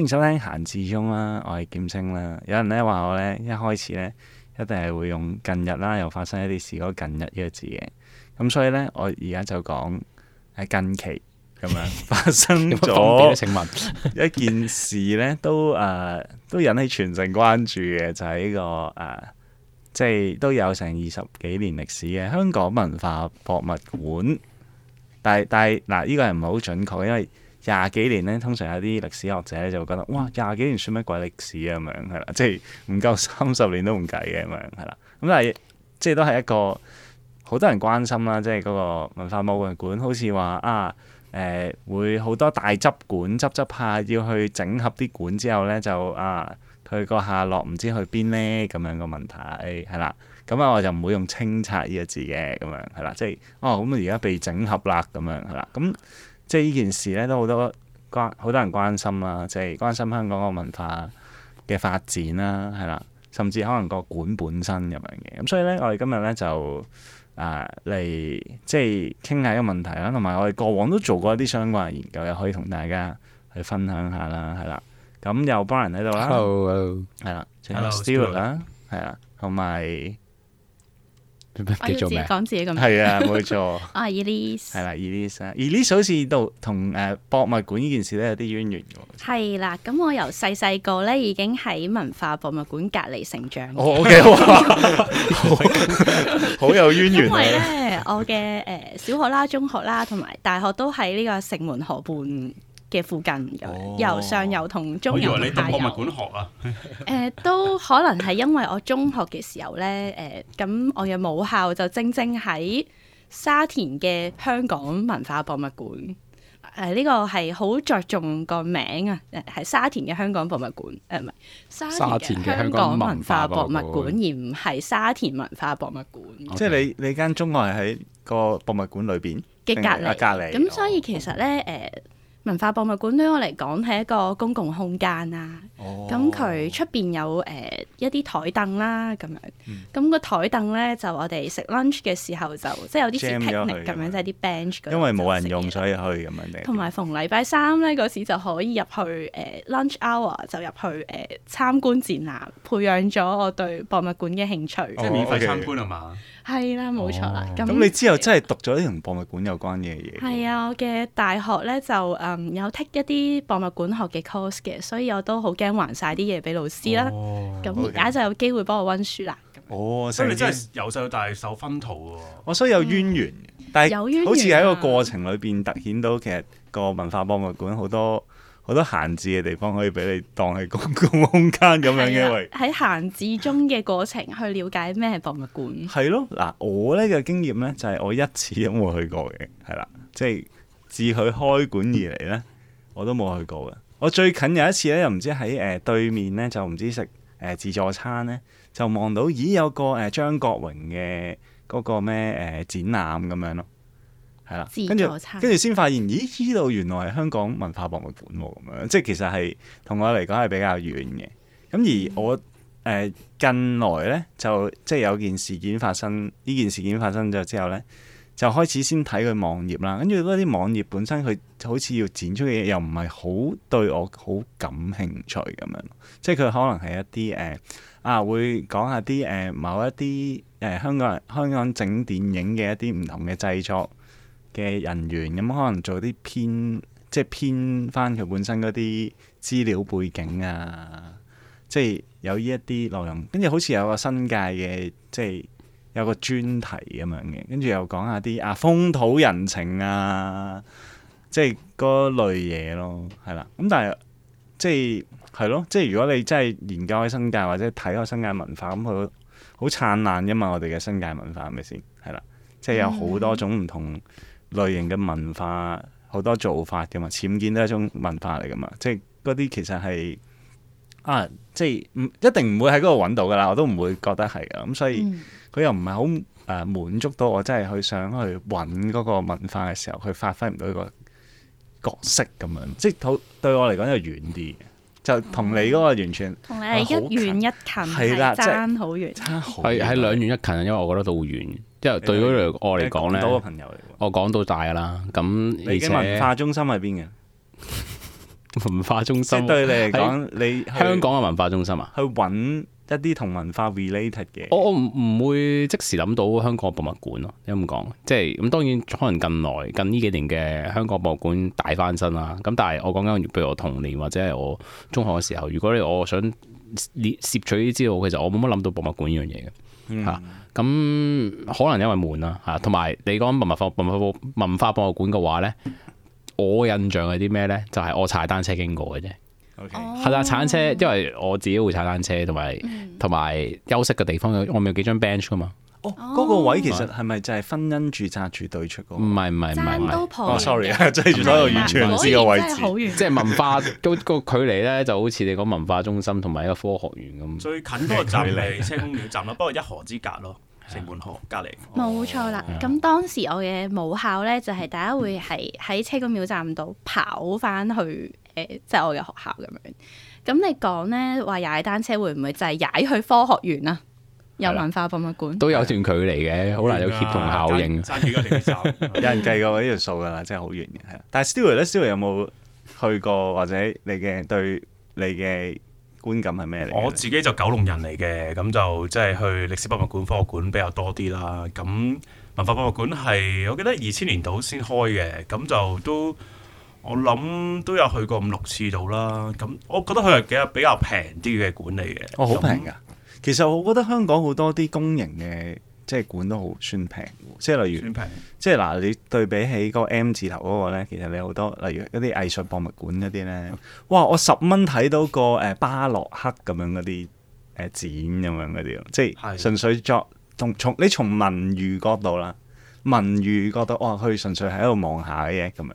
歡迎收聽閒置中啦、啊，我係劍青啦。有人咧話我咧，一開始咧一定係會用近日啦、啊，又發生一啲事嗰個近日呢個字嘅。咁所以咧，我而家就講喺近期咁樣發生咗，一件事一件事咧，都誒、啊、都引起全城關注嘅，就係、是、呢、這個誒，即、啊、係、就是、都有成二十幾年歷史嘅香港文化博物館。但係但係嗱，呢、這個係唔係好準確，因為。廿幾年咧，通常有啲歷史學者咧就會覺得，哇！廿幾年算乜鬼歷史啊？咁樣，係啦，即係唔夠三十年都唔計嘅咁樣，係啦。咁但係即係都係一個好多人關心啦，即係嗰個文化博物館，好似話啊，誒、呃、會好多大執館執執下，要去整合啲館之後咧，就啊，佢個下落唔知去邊呢。咁樣個問題係啦。咁啊，我就唔會用清拆呢個字嘅咁樣係啦，即係哦，咁而家被整合啦咁樣係啦，咁。即係呢件事咧，都好多關好多人關心啦、啊，即係關心香港個文化嘅發展啦、啊，係啦，甚至可能個館本身咁樣嘅咁，所以咧，我哋今日咧就啊嚟、呃、即係傾下一個問題啦、啊，同埋我哋過往都做過一啲相關嘅研究，又可以同大家去分享下、啊、啦，係啦 Hello, hello. 的，咁又 Brian 喺度啦，係啦 hello.，請 Stewart 啦，係啦，同埋。講自己咁係 啊，冇錯 aren mil ises。啊，Elise 係啦，Elise，Elise 好似到同誒博物館呢件事咧有啲淵源嘅。係辯啦，咁我由細細個咧已經喺文化博物館隔籬成長。 我嘅話好有淵源、啊、 因咧。我嘅誒，小學啦、中學啦，同埋大學都喺呢個城門河畔。嘅附近咁，由上游同中游、哦、我以為你到博物館學啊？誒、 呃，都可能係因為我中學嘅時候咧，誒、呃，咁我嘅母校就正正喺沙田嘅香港文化博物館。誒、呃，呢、這個係好着重個名啊！誒，係沙田嘅香港博物館，誒唔係沙田嘅香港文化博物館，而唔係沙田文化博物館。即係你你間中學係喺個博物館裏邊嘅隔離隔離，咁、啊、所以其實咧，誒、呃。嗯文化博物館對我嚟講係一個公共空間啊，咁佢出邊有誒一啲台凳啦，咁樣，咁個台凳咧就我哋食 lunch 嘅時候就即係有啲斜劈力咁樣，即係啲 bench。因為冇人用，所以去咁樣。同埋逢禮拜三咧嗰時就可以入去誒 lunch hour 就入去誒參觀展覽，培養咗我對博物館嘅興趣，即係免費參觀啊嘛。係啦，冇錯啦。咁你之後真係讀咗啲同博物館有關嘅嘢。係啊，我嘅大學咧就嗯、有 take 一啲博物館學嘅 course 嘅，所以我都好驚還晒啲嘢俾老師啦。咁而家就有機會幫我溫書啦。哦，所以你真係由細到大受熏陶嘅。哦、喔嗯，所以有淵源、嗯、但係是、啊、好似喺個過程裏邊突顯到，其實個文化博物館好多好多閒置嘅地方可以俾你當係公共空間咁樣嘅。喺閒、啊為啊、置中嘅過程去了解咩係博物館。係咯，嗱，我呢個經驗呢，就係我一次都冇去過嘅，係啦，即係。自佢開館而嚟呢，我都冇去過嘅。我最近有一次呢，又唔知喺誒、呃、對面呢，就唔知食誒、呃、自助餐呢，就望到咦有個誒、呃、張國榮嘅嗰個咩誒、呃、展覽咁樣咯，係啦。自助餐跟住跟住先發現，咦呢度原來係香港文化博物館喎咁樣，即係其實係同我嚟講係比較遠嘅。咁而我誒、呃、近來呢，就即係有件事件發生，呢件事件發生咗之後呢，就開始先睇佢網頁啦，跟住嗰啲網頁本身佢好似要展出嘅嘢又唔係好對我好感興趣咁樣，即係佢可能係一啲誒、呃、啊會講一下啲誒、呃、某一啲誒、呃、香港人香港整電影嘅一啲唔同嘅製作嘅人員，咁、嗯、可能做啲編即係編翻佢本身嗰啲資料背景啊，即係有呢一啲內容，跟住好似有個新界嘅即係。有個專題咁樣嘅，跟住又講下啲啊風土人情啊，即係嗰類嘢咯，係啦。咁但係即係係咯，即係如果你真係研究開新界或者睇開新界文化，咁佢好燦爛噶嘛。我哋嘅新界文化係咪先？係啦，即係有好多種唔同類型嘅文化，好多做法噶嘛。僭建都係一種文化嚟噶嘛，即係嗰啲其實係啊，即係唔、嗯、一定唔會喺嗰度搵到噶啦，我都唔會覺得係噶，咁、嗯、所以。嗯佢又唔係好誒滿足到我，真係去想去揾嗰個文化嘅時候，佢發揮唔到呢個角色咁樣，即係對對我嚟講就遠啲，就同你嗰個完全同你一遠一近係啦，即係差好遠，差係係兩遠一近，因為我覺得都好遠，因為對嗰我嚟講咧，我講到大啦，咁而且文化中心喺邊嘅？文化中心對你嚟講，你香港嘅文化中心啊，去揾。一啲同文化 related 嘅，我我唔唔會即時諗到香港博物館咯。你咁講？即係咁，當然可能近來近呢幾年嘅香港博物館大翻身啦。咁但係我講緊，譬如我童年或者係我中學嘅時候，如果你我想攝攝取啲資料，其實我冇乜諗到博物館呢樣嘢嘅嚇。咁、嗯啊、可能因為悶啦嚇。同、啊、埋你講博物博物文化博物館嘅話咧，我印象係啲咩咧？就係、是、我踩單車經過嘅啫。係啦，踩單 Okay. 車，因為我自己會踩單車，同埋同埋休息嘅地方，我咪有幾張 bench 噶嘛。哦，嗰個位其實係咪就係婚姻註冊處對出？唔係唔係唔係。站都哦、sorry 即住所有完全唔知個位置，即係文化、嗰個距離咧，就好似你講文化中心同埋一個科學園咁。 最近嗰個站係車公廟站咯，不過一河之隔咯。城門河隔離，冇、哦、錯啦。咁、嗯、當時我嘅母校咧，就係、是、大家會係喺車公廟站度跑翻去誒，即、呃、係、就是、我嘅學校咁樣。咁你講咧話踩單車會唔會就係踩去科學園啊？有文化博物館都有段距離嘅，好呀難有協同效應。嗯、 有人計過呢條數㗎啦，真係好遠嘅。係但係 Stewart 咧 Stewart 有冇去過或者你嘅對你嘅？觀感係咩嚟？我自己就九龍人嚟嘅，咁就即係去歷史博物館、科學館比較多啲啦。咁文化博物館係我記得二千年度先開嘅，咁就都我諗都有去過五六次度啦。咁我覺得佢係幾比較平啲嘅館嚟嘅。哦，好平㗎！就其實我覺得香港好多啲公營嘅。即係館都好算平，即係例如，即係嗱，你對比起嗰個 M 字頭嗰個咧，其實你好多例如一啲藝術博物館嗰啲咧，哇！我十蚊睇到個誒巴洛克咁樣嗰啲誒展咁樣嗰啲，即係純粹作同從，從你從文娛角度啦，文娛角度哇，去純粹喺度望下嘅嘢咁樣，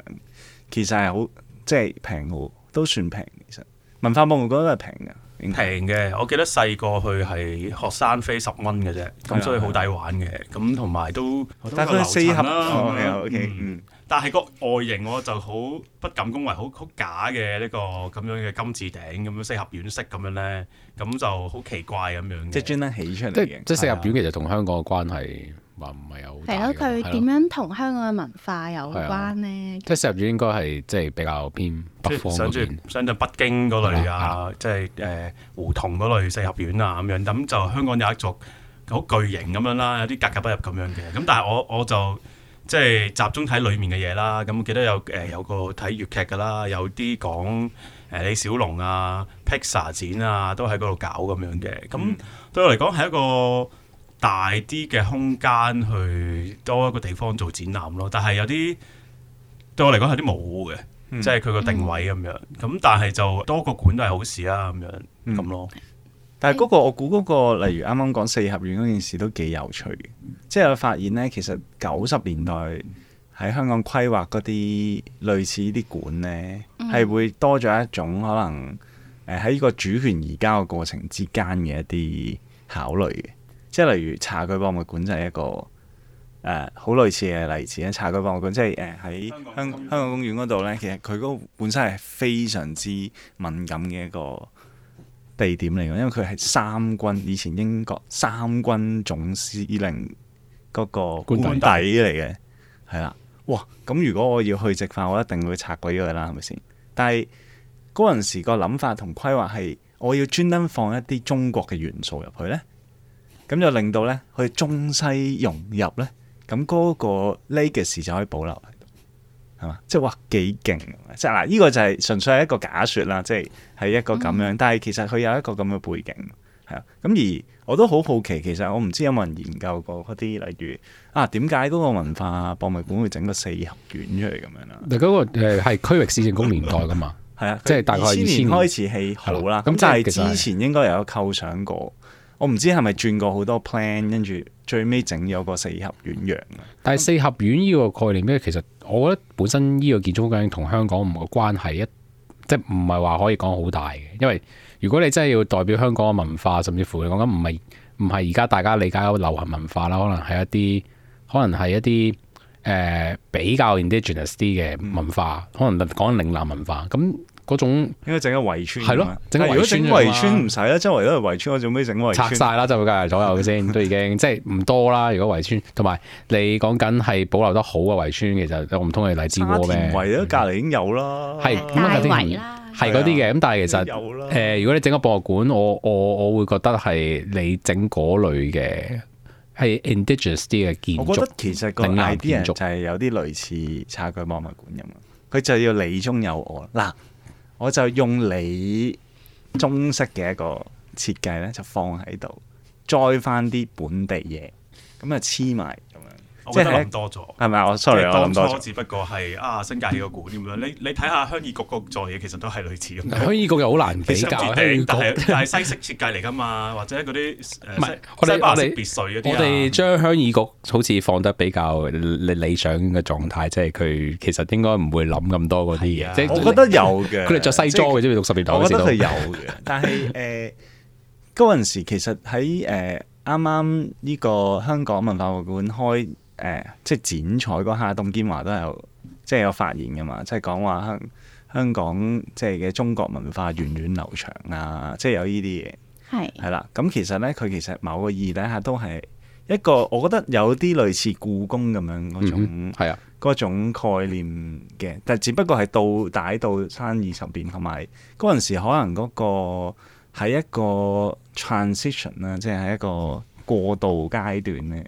其實係好即係平喎，都算平。其實文化博物館都係平嘅。平嘅，我記得細個去係學生飛十蚊嘅啫，咁的所以好抵玩嘅，咁同埋都，但係、嗯、四盒啦，哦、okay, okay. 嗯。但係個外形我就好不敢恭維，好好假嘅，呢個咁樣嘅金字頂咁樣四合院式咁樣咧，咁就好奇怪咁樣。即係專登起出嚟嘅。即係四合院其實同香港嘅關係話唔係有。係咯呀，佢點樣同香港嘅文化有關呢？呀即係四合院應該係即係比較偏北方嗰邊，相對北京嗰類啊，即係誒胡同嗰類四合院啊咁樣。咁就香港有一座好巨型咁樣啦，有啲格格不入咁樣嘅。咁但係我我就。即係集中睇裡面嘅嘢啦，咁記得有誒、呃、有個睇粵劇噶啦，有啲講誒李小龍啊、Pixar 展啊，都喺嗰度搞咁樣嘅。咁對我嚟講係一個大啲嘅空間，去多一個地方做展覽咯。但係有啲對我嚟講係啲模糊嘅，即係佢個定位咁樣。咁、嗯、但係就多個館都係好事啦、啊，咁樣咁、嗯、咯。但係嗰、那個，我估嗰、那個，例如啱啱講四合院嗰件事都幾有趣嘅，即係我發現呢，其實九十年代喺香港規劃嗰啲類似呢啲館呢，係、嗯、會多咗一種可能，喺、呃、呢個主權移交嘅過程之間嘅一啲考慮，即係例如茶具博物館就係一個誒好、呃、類似嘅例子啦。茶具博物館即係誒喺香港香港公園嗰度呢，其實佢嗰個本身係非常之敏感嘅一個地點嚟嘅，因為佢係三軍以前英國三軍總司令嗰個官邸嚟嘅，係啦。哇，咁如果我要去殖化，我一定會拆鬼呢個啦，係咪先？但係嗰陣時個諗法同規劃係，我要專登放一啲中國嘅元素入去咧，咁就令到咧去中西融入咧。咁嗰個 legacy 就可以保留。即係話幾勁，即係嗱，呢個就係純粹係一個假說啦，即係係一個咁樣。但係其實佢有一個咁嘅背景，係啊。咁而我都好好奇，其實我唔知有冇人研究過嗰啲，例如啊，點解嗰個文化博物館會整個四合院出嚟咁樣啦？嗰個誒係區域市政局年代噶嘛？係啊，即係大概二千年開始係好啦。咁就係之前應該有構想過，我唔知係咪轉過好多 plan，跟住最尾整咗個四合院樣。但係四合院呢個概念咧，其實。我覺得本身呢個建築風格同香港唔嘅關係一即係唔係話可以講好大嘅，因為如果你真係要代表香港嘅文化，甚至乎你講緊唔係唔係而家大家理解嘅流行文化啦，可能係一啲可能係一啲誒比較 indigenous 啲嘅文化，呃嗯，可能講嶺南文化咁。嗰種應該整間圍村係咯，整間圍村唔使啦，周圍都係圍村，我做咩整圍拆晒啦，就隔籬左右先，都已經即係唔多啦。如果圍村，同埋你講緊係保留得好嘅圍村，其實我唔通係荔枝窩咩？田圍咯，隔籬已經有啦，係咁啊，嗰啲係嗰啲嘅。咁但係其實誒，如果你整個博物館，我我我會覺得係你整嗰類嘅係 indigenous 啲嘅建築。其實個 idea 就係有啲類似茶具博物館咁，佢就要理中有我嗱。我就用你中式嘅一個設計咧，就放喺度栽翻啲本地嘢，咁啊黐埋。即係諗多咗，係咪我 sorry，我諗多咗。只不過係啊，新界呢個館咁樣，你你睇下鄉議局個做嘢，其實都係類似咁。鄉議局又好難比較，但係西式設計嚟㗎嘛，或者嗰啲誒西西式別墅嗰啲。我哋將鄉議局好似放得比較理想嘅狀態，即係佢其實應該唔會諗咁多嗰啲嘢。即係我覺得有嘅。佢哋着西裝嘅啫，六十年代時都。有嘅，但係誒嗰陣時，其實喺誒啱啱呢個香港文化館開。誒、呃，即係剪彩嗰下，董建華都有即係有發言嘅嘛，即係講話香香港即係嘅中國文化源遠流長啊，即係有呢啲嘢係，係啦是。咁其實咧，佢其實某個意義底下都係一個我覺得有啲類似故宮咁樣嗰種係啊嗰種概念嘅，但係只不過係到帶到差二十年，同埋嗰陣時可能嗰個係一個 transition 啊，即係喺一個過渡階段咧。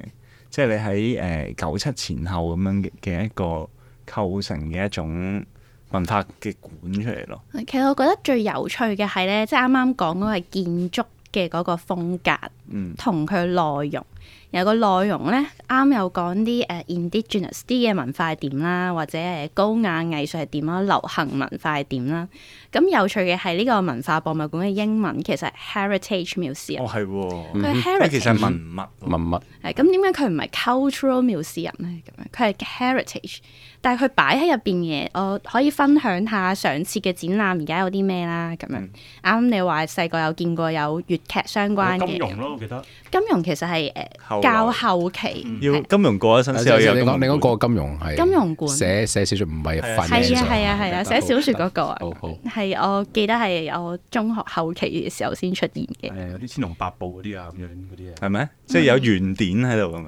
即係你喺誒九七前後咁樣嘅一個構成嘅一種文化嘅館出嚟咯。其實我覺得最有趣嘅係咧，即係啱啱講嗰個建築嘅嗰個風格，嗯，同佢內容。有個內容咧，啱有講啲誒 indigenous 啲嘅文化點啦，或者誒高雅藝術係點啦，流行文化係點啦。咁有趣嘅係呢個文化博物館嘅英文其實 heritage museum 哦，係、哦、heritage、嗯、其實文物、嗯、文物係咁，點解佢唔係 cultural museum 咧？咁樣佢係 heritage，但係佢擺喺入邊嘅，我可以分享下上次嘅展覽而家有啲咩啦。咁樣啱、嗯、你話細個有見過有粵劇相關嘅金融咯，記得。金融其實係誒較後期，要金融過咗身。你講你講個金融係金融館寫寫小説唔係。係啊係啊係啊，寫小説嗰個啊，係我記得係我中學後期嘅時候先出現嘅。有啲天龍八部嗰啲啊，咁樣嗰啲啊，係咪？即係有原點喺度咁樣。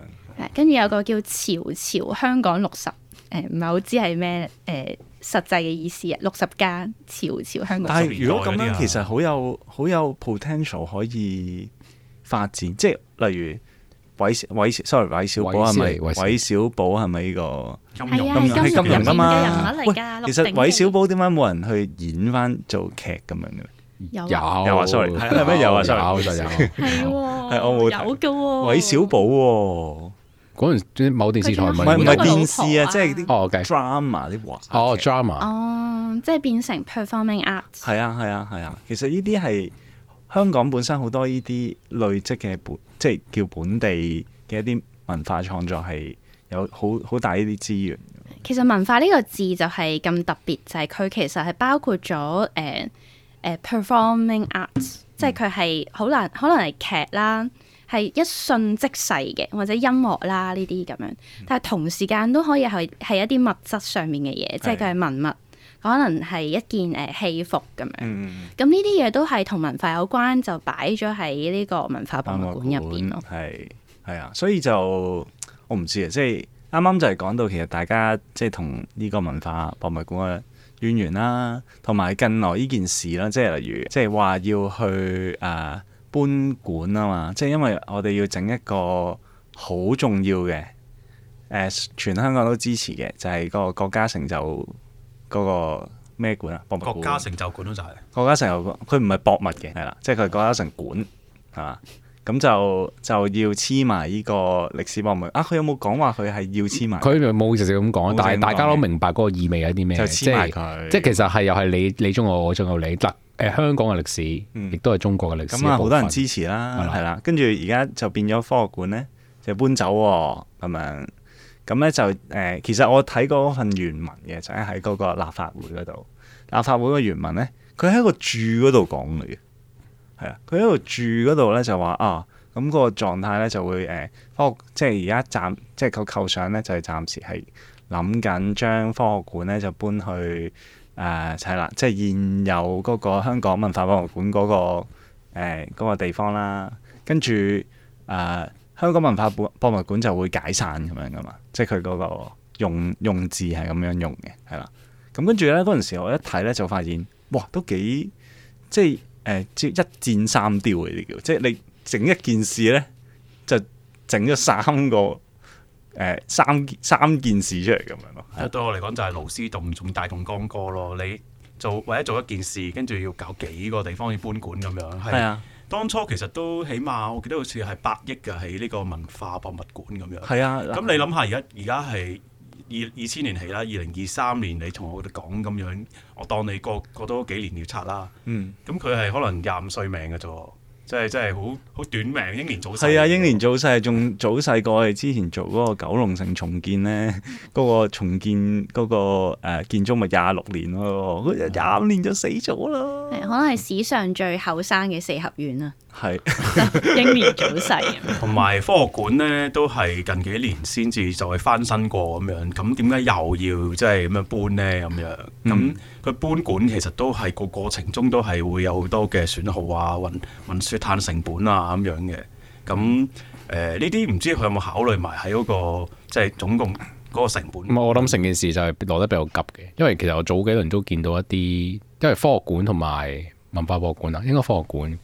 跟住有個叫潮潮香港六十誒，唔係好知係咩誒實際嘅意思啊？六十間潮潮香港。但係如果咁樣，其實好有好有 potential 可以。發展即係例如韋小 s o r r y，韋小寶係咪，韋小寶係咪呢個？係啊，金庸演嘅人物嚟㗎。其實韋小寶點解冇人去演翻做劇咁樣嘅？有有啊，sorry 係咩？有啊，sorry 有。係喎，我冇睇。有嘅喎，韋小寶喎，嗰陣某電視台唔係，唔係電視啊，即係啲哦 drama 啲話哦 drama 哦，即係變成 performing art。係啊係啊係啊，其實呢啲係。香港本身好多呢啲累積嘅本，即係叫本地嘅一啲文化創作係有好好大呢啲資源。其實文化呢個字就係咁特別，就係、是、佢其實係包括咗誒誒 performing arts，嗯、即係佢係好難，可能係劇啦，係一瞬即逝嘅，或者音樂啦呢啲咁樣，但係同時間都可以係係一啲物質上面嘅嘢，嗯、即係佢係文物。可能係一件誒戲服咁樣，咁呢啲嘢都係同文化有關，就擺咗喺呢個文化博物館入邊咯。係，係啊，所以就我唔知啊，即係啱啱就係講到其實大家即係同呢個文化博物館嘅淵源啦，同埋近來呢件事啦、啊，即係例如即係話要去誒、呃、搬館啊嘛，即係因為我哋要整一個好重要嘅誒、呃，全香港都支持嘅，就係、是、個國家成就。嗰個咩館啊？博物館。國家成就館咯就係國家成就館，佢唔係博物嘅，係啦，即係佢國家成館係嘛，咁 就就要黐埋呢個歷史博物啊！佢有冇講話佢係要黐埋？佢冇直接咁講，但係大家都明白嗰個意味係啲咩？就黐埋佢，即係其實係又係你你中我，我仲有你嗱誒香港嘅歷史，亦都係中國嘅歷史咁啊！好多人支持啦，係啦的的，跟住而家就變咗科學館咧，就搬走咁樣。咁咧、嗯、就誒、呃，其實我睇過份原文嘅，就喺、是、嗰個立法會嗰度。立法會嘅原文咧，佢喺個住嗰度講嚟嘅，係啊，佢喺度住嗰度咧就話啊，咁、那、嗰個狀態咧就會誒、呃，科學即係而家暫即係個構想咧，就係暫時係諗緊將科學館咧就搬去誒，係、呃、啦，即係現有嗰個香港文化博物館嗰、那個誒、呃那個、地方啦，跟住誒。呃香港文化博博物館就會解散咁樣噶嘛，即係佢嗰個用用字係咁樣用嘅，係啦。咁跟住咧，嗰陣時我一睇咧，就發現哇，都幾即係誒，即、呃、一箭三雕嘅啲叫，即係你整一件事咧，就整咗三個誒、呃、三三件事出嚟咁樣咯。對我，我嚟講就係勞師動眾大動干戈咯。你做為咗做一件事，跟住要搞幾個地方要搬館咁樣係啊。的當初其實都起碼，我記得好似係百億嘅喺呢個文化博物館咁樣。係啊，咁你諗下而家，而家係二二千年起啦，二零二三年你同我哋講咁樣，我當你過過多幾年要拆啦。嗯，咁佢係可能廿五歲命㗎啫。真係真係好好短命，英年早逝。係啊，英年早逝仲早細過我哋之前做嗰個九龍城重建咧，嗰個重建嗰個、呃、建築物廿六年咯，廿五年就死咗咯。可能係史上最後生嘅四合院啊。係英年早逝，同埋 科學館咧都係近幾年先至就係翻新過咁樣，咁點解又要即係咁樣搬呢？咁樣？咁佢、嗯、搬館其實都係個過程中都係會有好多嘅損耗啊、運運輸碳成本啊咁樣嘅。咁誒呢啲唔知佢有冇考慮埋喺嗰個即係、就是、總共嗰個成本？我諗成件事就係落得比較急嘅，因為其實我早幾輪都見到一啲，因為科學館同埋文化博物館啊，應該科學館。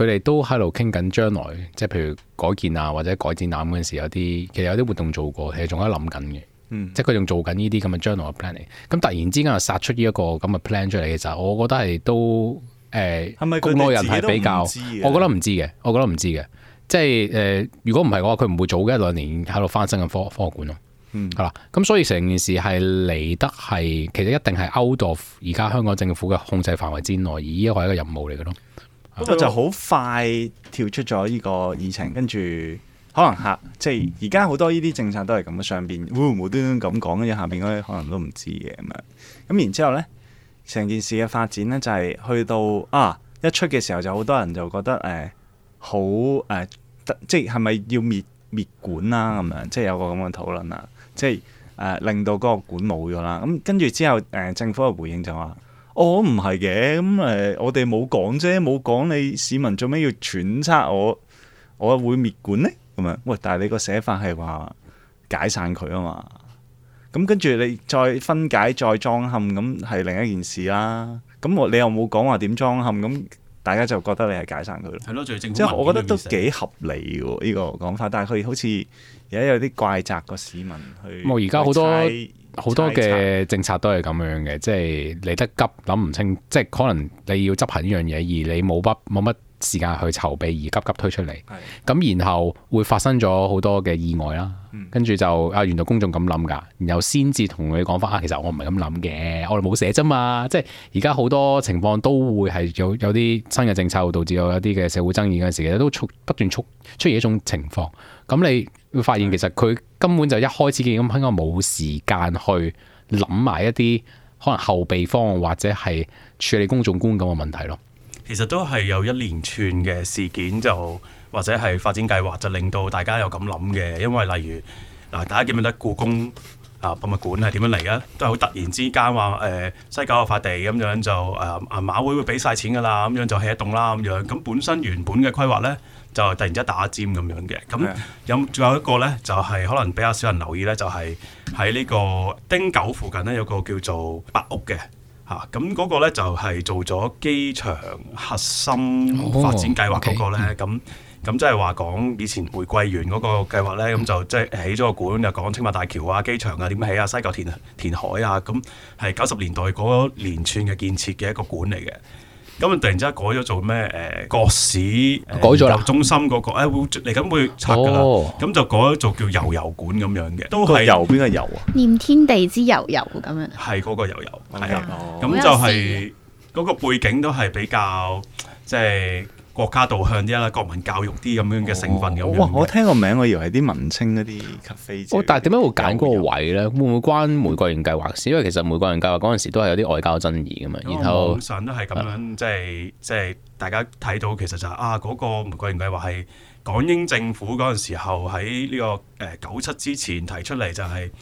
佢哋都喺度傾緊將來，即係譬如改建啊，或者改展覽嗰陣時有啲，其實有啲活動做過，其實仲喺度諗緊嘅。嗯、即係佢仲做緊呢啲咁嘅將來嘅 plan。咁突然之間又殺出呢一個咁嘅 plan 出嚟，其實我覺得係都誒，國、呃、內人係比較我，我覺得唔知嘅，我覺得唔知嘅。即係誒、呃，如果唔係嘅話，佢唔會早嘅一兩年喺度翻新嘅科科學館咯。嗯，係啦。咁所以成件事係嚟得係，其實一定係 out of 而家香港政府嘅控制範圍之內，而呢一個係一個任務嚟嘅咯。咁就就好快跳出咗呢個議程，跟住可能客即係而家好多呢啲政策都係咁，上邊會、哦、無端端咁講，跟住下邊嗰啲可能都唔知嘅咁樣。咁然之後咧，成件事嘅發展咧就係、是、去到啊一出嘅時候就好多人就覺得誒、呃、好誒即係咪要滅滅館啦咁樣，即係有個咁嘅討論啦，即係誒、呃、令到嗰個館冇咗啦。咁跟住之後誒、呃、政府嘅回應就話。我唔係嘅，咁誒、哦嗯，我哋冇講啫，冇講你市民做咩要揣測我，我會滅館呢？咁樣。喂，但係你個寫法係話解散佢啊嘛？咁跟住你再分解再裝嵌，咁係另一件事啦、啊。咁我你又冇講話點裝嵌？咁大家就覺得你係解散佢咯。係咯，最正，即係我覺得都幾合理嘅呢個講法，嗯、但係佢好似而家有啲怪責個市民去。我而家好多。好多嘅政策都係咁樣嘅，即係嚟得急，諗唔清，即係可能你要執行呢樣嘢，而你冇不冇乜時間去籌備，而急急推出嚟，咁的然後會發生咗好多嘅意外啦。跟住就啊，原來公眾咁諗㗎，然後先至同你講返啊，其實我唔係咁諗嘅，我哋冇寫啫嘛。即係而家好多情況都會係有有啲新嘅政策，導致有一啲嘅社會爭議嗰陣時，都不斷促出現一種情況。咁你會發現其實佢根本就一開始嘅，咁應該冇時間去諗埋一啲可能後備方案，或者係處理公眾觀感嘅問題咯。其實都係有一連串嘅事件就，就或者係發展計劃，就令到大家有咁諗嘅。因為例如嗱、啊，大家記唔記得故宮啊博物館係點樣嚟啊？都係好突然之間話誒西九個塊地咁樣就，誒啊馬會會俾晒錢㗎啦，咁樣就起一棟啦咁樣。咁本身原本嘅規劃呢，就突然之間打尖咁樣嘅，咁有仲有一個呢，就係、是、可能比較少人留意呢，就係喺呢個汀九附近呢，有個叫做白屋嘅嚇，咁嗰個咧就係做咗機場核心發展計劃嗰、那個咧，咁咁即係話講以前玫瑰園嗰個計劃咧，咁就即係起咗個館，就講青馬大橋啊、機場啊點起啊、西九填填海啊，咁係九十年代嗰連串嘅建設嘅一個館嚟嘅。咁啊、嗯！突然之間改咗做咩？誒、呃、國史交易中心嗰、那個誒嚟緊會拆噶啦，咁、哦、就改咗做叫油油館咁樣嘅，都係個油邊個油？念天地之悠悠咁樣，係嗰個悠悠，係啊，咁、oh. 就係嗰個背景都係比較即係。就是 就是國家導向啲啦，國民教育啲咁樣嘅成分咁。哇、哦！我聽個名，我以為係啲文青嗰啲 cafe，但係點解會揀嗰個位咧？友友會唔會關玫瑰園計劃先？因為其實玫瑰園計劃嗰陣時都係有啲外交爭議㗎嘛。嗯、然後網上都係咁樣，嗯、即係即係大家睇到，其實就係、是、啊嗰、那個玫瑰園計劃係港英政府嗰陣時候喺呢、這個誒九七之前提出嚟就係、是。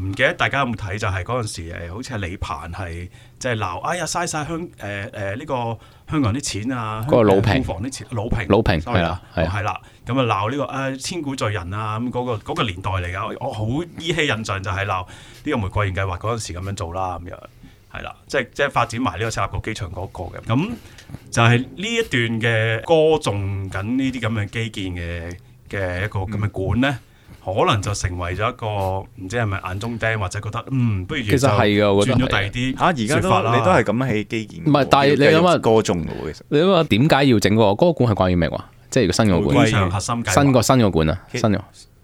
唔記得大家有冇睇就係嗰陣時好似係李鵬係即係鬧，哎呀嘥晒香誒誒呢個香港啲錢啊，個老平房啲錢，老平老平係啦係係啦，咁啊鬧呢個誒、哎、千古罪人啊咁嗰、那個那個年代嚟㗎，我好依稀印象就係鬧呢個玫瑰園計劃嗰陣時咁樣做啦咁樣，係啦，即係即係發展埋呢個赤鱲角機場嗰個嘅，咁就係呢一段嘅歌頌緊呢啲咁嘅基建嘅嘅一個咁嘅館咧。嗯可能就成為咗一個唔知係咪眼中釘，或者覺得嗯不如其實係噶，我覺得轉咗第二啲啊！而家都你都係咁起基建唔係，但係你諗下，話過重其實你諗下話點解要整嗰、那個？嗰、那個館係關於咩話？即係新嘅館，新個新嘅的館、就是、啊，新嘅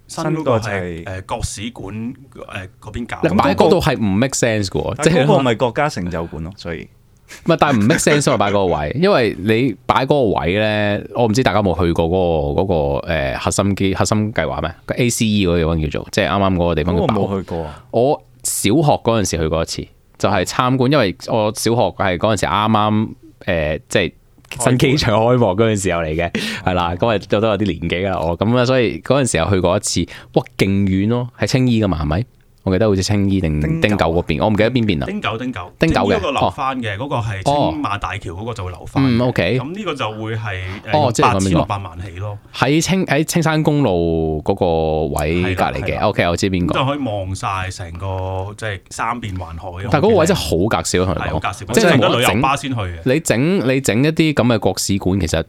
新嗰個係誒國史館誒嗰、啊、邊搞。你買嗰度係唔 make sense 嘅喎？即係嗰個係國家成就館咯，所以。 但係唔 make sense 啊！擺嗰個位，因為你擺嗰個位呢，我唔知大家有冇去過嗰、那個嗰、那個、核心機核心計劃咩？A C E 嗰個，個地方叫做，即係啱啱嗰個地方。你冇去過。我小學嗰陣時去過一次，就係、是、參觀，因為我小學係嗰陣時啱啱誒，即、呃、係、就是、新機場開幕嗰陣時候嚟嘅，係啦，嗰日 都有啲年紀啦，我咁啊，所以嗰陣時候去過一次，哇，勁遠咯，係青衣㗎嘛，係咪？我記得好似青衣定汀九嗰邊，我唔記得邊邊啦。汀九，汀九，汀九嘅，哦，留返嘅嗰個係青馬大橋嗰個就會留返。嗯，O K。咁呢個就會係八千八萬起咯。喺青喺青山公路嗰個位隔籬嘅，O K，我知邊個。就可以望晒成個即係三邊環海。但係嗰個位真係好隔少，同你即係旅遊巴先去嘅。你整你整一啲咁嘅國史館，其實。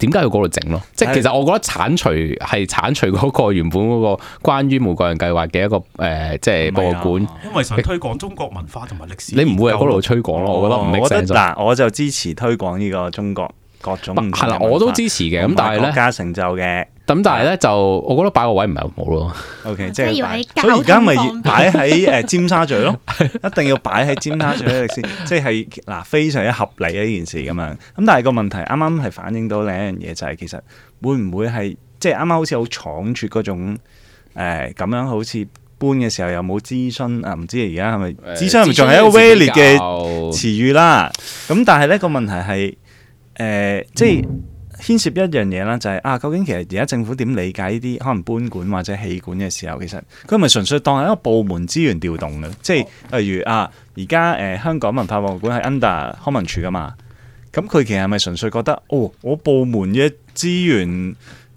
點解要嗰度整咯？是即係其實我覺得剷除係剷除嗰個原本嗰個關於無國人計劃嘅一個誒、呃，即係博物館，啊、因為想推廣中國文化同埋歷史。你唔會喺嗰度推廣咯？哦、我覺得嗱，了我就支持推廣呢個中國。各種係啦，我都支持嘅。咁但係咧，國家成就嘅。咁但係咧，就我覺得擺個位唔係好好咯。O K，即係所以而家咪擺喺誒尖沙咀咯，一定要擺喺尖沙咀先，即係嗱非常之合理嘅呢件事咁樣。咁但係個問題啱啱係反映到另一樣嘢，就係其實會唔會係即係啱啱好似好倉促嗰種誒咁樣，好似搬嘅時候又冇諮詢啊？唔知而家係咪諮詢仲係一個 value 嘅詞語啦？咁但係咧個問題係。誒、呃，即係牽涉一樣嘢啦，就係、是、啊，究竟其實而家政府點理解呢啲可能搬館或者棄館嘅時候，其實佢係咪純粹當係一個部門資源調動嘅，即係例如啊，而家誒香港文化博物館係 under 康文署噶嘛，咁佢其實係咪純粹覺得哦，我部門嘅資源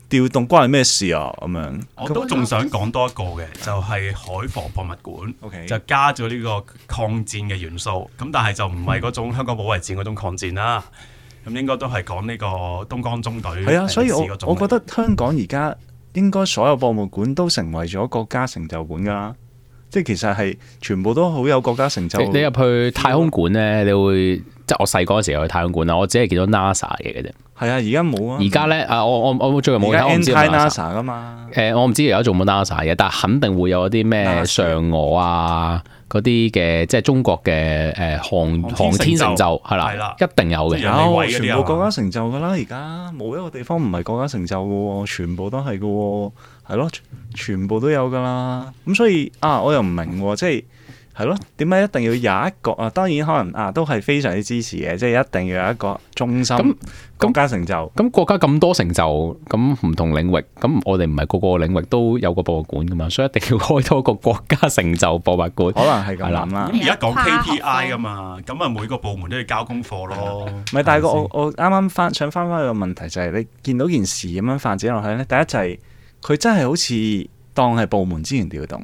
調動關係咩事啊？咁樣我都仲想講多一個嘅，就係、是、海防博物館，OK，就加咗呢個抗戰嘅元素，咁但係就唔係嗰種香港保衞戰嗰種抗戰啦。嗯。咁應該都係講呢個東江中隊。係啊，所以我我覺得香港而家應該所有博物館都成為咗國家成就館噶啦。嗯、即係其實係全部都好有國家成就你。你入去太空館咧，啊、你會即係我細個嗰時候去太空館啦，我只係見到 NASA 嘅啫。係啊，而家冇啊。而家咧啊，我我我最近冇。而家 Anti-NASA 噶嘛。誒、呃，我唔知而家做冇 NASA 嘅，但係肯定會有一啲咩嫦娥啊。嗰啲嘅即係中國嘅誒航、航天成就係啦，係啦，一定有嘅，全部國家成就㗎啦。而家冇一個地方唔係國家成就㗎喎，全部都係㗎喎，係咯，全部都有㗎啦。咁所以啊，我又唔明喎，即係。係咯，點解一定要有一個啊？當然可能啊，都係非常之支持嘅，即係一定要有一個中心國家成就。咁國家咁多成就，咁唔同領域，咁我哋唔係個個領域都有個博物館噶嘛，所以一定要開多個國家成就博物館。可能係咁諗啦。咁而家講 KPI 噶嘛，咁啊每個部門都要交功課咯。咪但係個我我啱啱翻想翻翻個問題就係你見到件事咁樣發展落去咧，第一就係佢真係好似當係部門資源調動。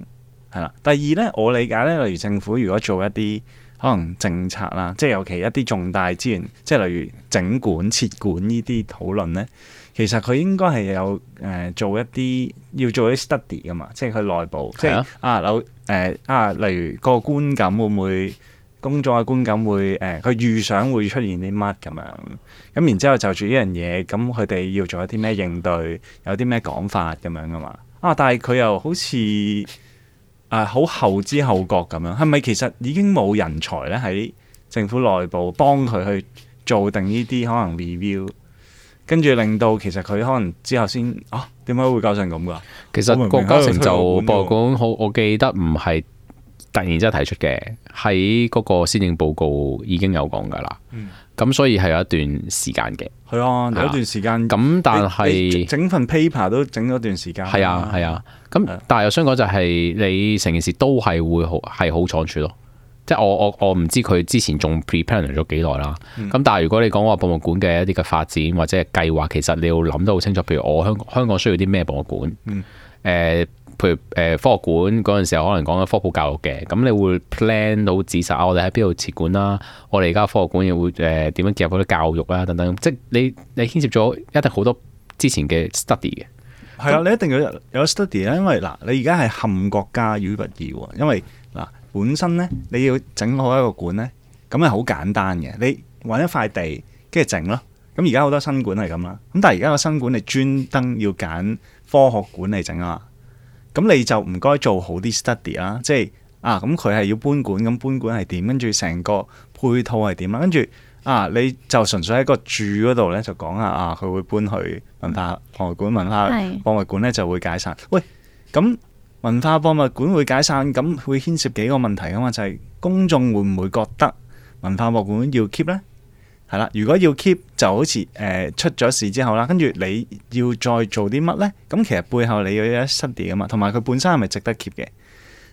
係啦，第二咧，我理解咧，例如政府如果做一啲可能政策啦，即係尤其一啲重大資源，即係例如整管、撤管呢啲討論咧，其實佢應該係有誒、呃、做一啲要做啲 study 噶嘛，即係佢內部，即係啊，有誒啊、呃、啊，例如個觀感會唔會工作嘅觀感會誒，佢預想會出現啲乜咁樣，咁然之後就住依樣嘢，咁佢哋要做一啲咩應對，有啲咩講法咁樣噶嘛，啊，但係佢又好似。啊！好後知後覺咁樣，係咪其實已經冇人才咧喺政府內部幫佢去做定呢啲可能 review，跟住令到其實佢可能之後先啊，點解會搞成咁噶？其實國家成就博物館好，我我記得唔係突然之間提出嘅，喺嗰個施政報告已經有講噶啦。嗯咁所以係有一段時間嘅，係啊，啊有一段時間。咁但係整份 paper 都整咗段時間。係啊係啊。咁、啊啊啊、但係我想講就係你成件事都係會係好倉促咯。即係我我我唔知佢之前仲 prepare 咗幾耐啦。咁、嗯、但係如果你講話博物館嘅一啲嘅發展或者計劃，其實你要諗得好清楚。譬如我香香港需要啲咩博物館？誒、嗯。呃譬如誒科學館嗰陣時候，可能講緊科普教育嘅，咁你會 plan 到仔細，我哋喺邊度設館啦？我哋而家科學館又會誒點、呃、樣結合啲教育啊？等等，即係你你牽涉咗一定好多之前嘅 study 嘅，係啊，你一定要有 study 啊，因為嗱，你而家係陷國家於不義喎，因為嗱本身咧，你要整好一個館咧，咁係好簡單嘅，你揾一塊地跟住整咯。咁而家好多新館係咁啦，咁但係而家個新館你專登要揀科學館嚟整啊。咁你就唔該做好啲 study 啦，即係啊，咁佢係要搬館，咁、嗯、搬館係點？跟住成個配套係點啦？跟住啊，你就純粹喺個住嗰度咧就講下啊，佢會搬去文化博物館，文化博物館咧就會解散。是喂，咁、嗯、文化博物館會解散，咁會牽涉幾個問題噶嘛？就係、是、公眾會唔會覺得文化博物館要 keep 咧？係啦，如果要 keep 就好似誒、呃、出咗事之後啦，跟住你要再做啲乜咧？咁其實背後你要一 study 噶嘛，同埋佢本身係咪值得 keep 嘅？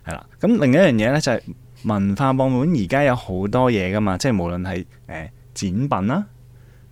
係啦，咁另一樣嘢咧就係、是、文化博物館而家有好多嘢噶嘛，即係無論係誒、呃、展品啦，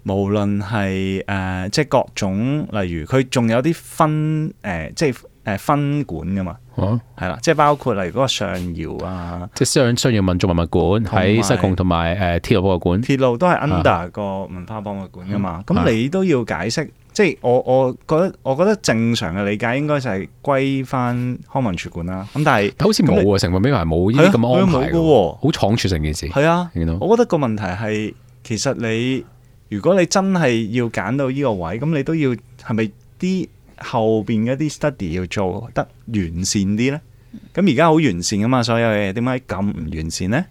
無論係誒、呃、即係各種例如佢仲有啲分誒、呃、即係。誒，分館噶嘛，係啦，即係包括例如嗰個上窰啊，即係上上窰民俗文物館喺西貢同埋誒鐵路博物館，鐵路都係 under 個文化博物館噶嘛，咁你都要解釋，即係我我覺得我覺得正常嘅理解應該就係歸翻康文署管啦，咁但係但係好似冇啊，成份表係冇呢啲咁安排嘅，好倉促成件事，係啊，我覺得個問題係其實你如果你真係要揀到呢個位，咁你都要係咪啲？後邊嗰啲 study 要做得完善啲呢。咁而家好完善噶嘛？所有嘢點解咁唔完善呢？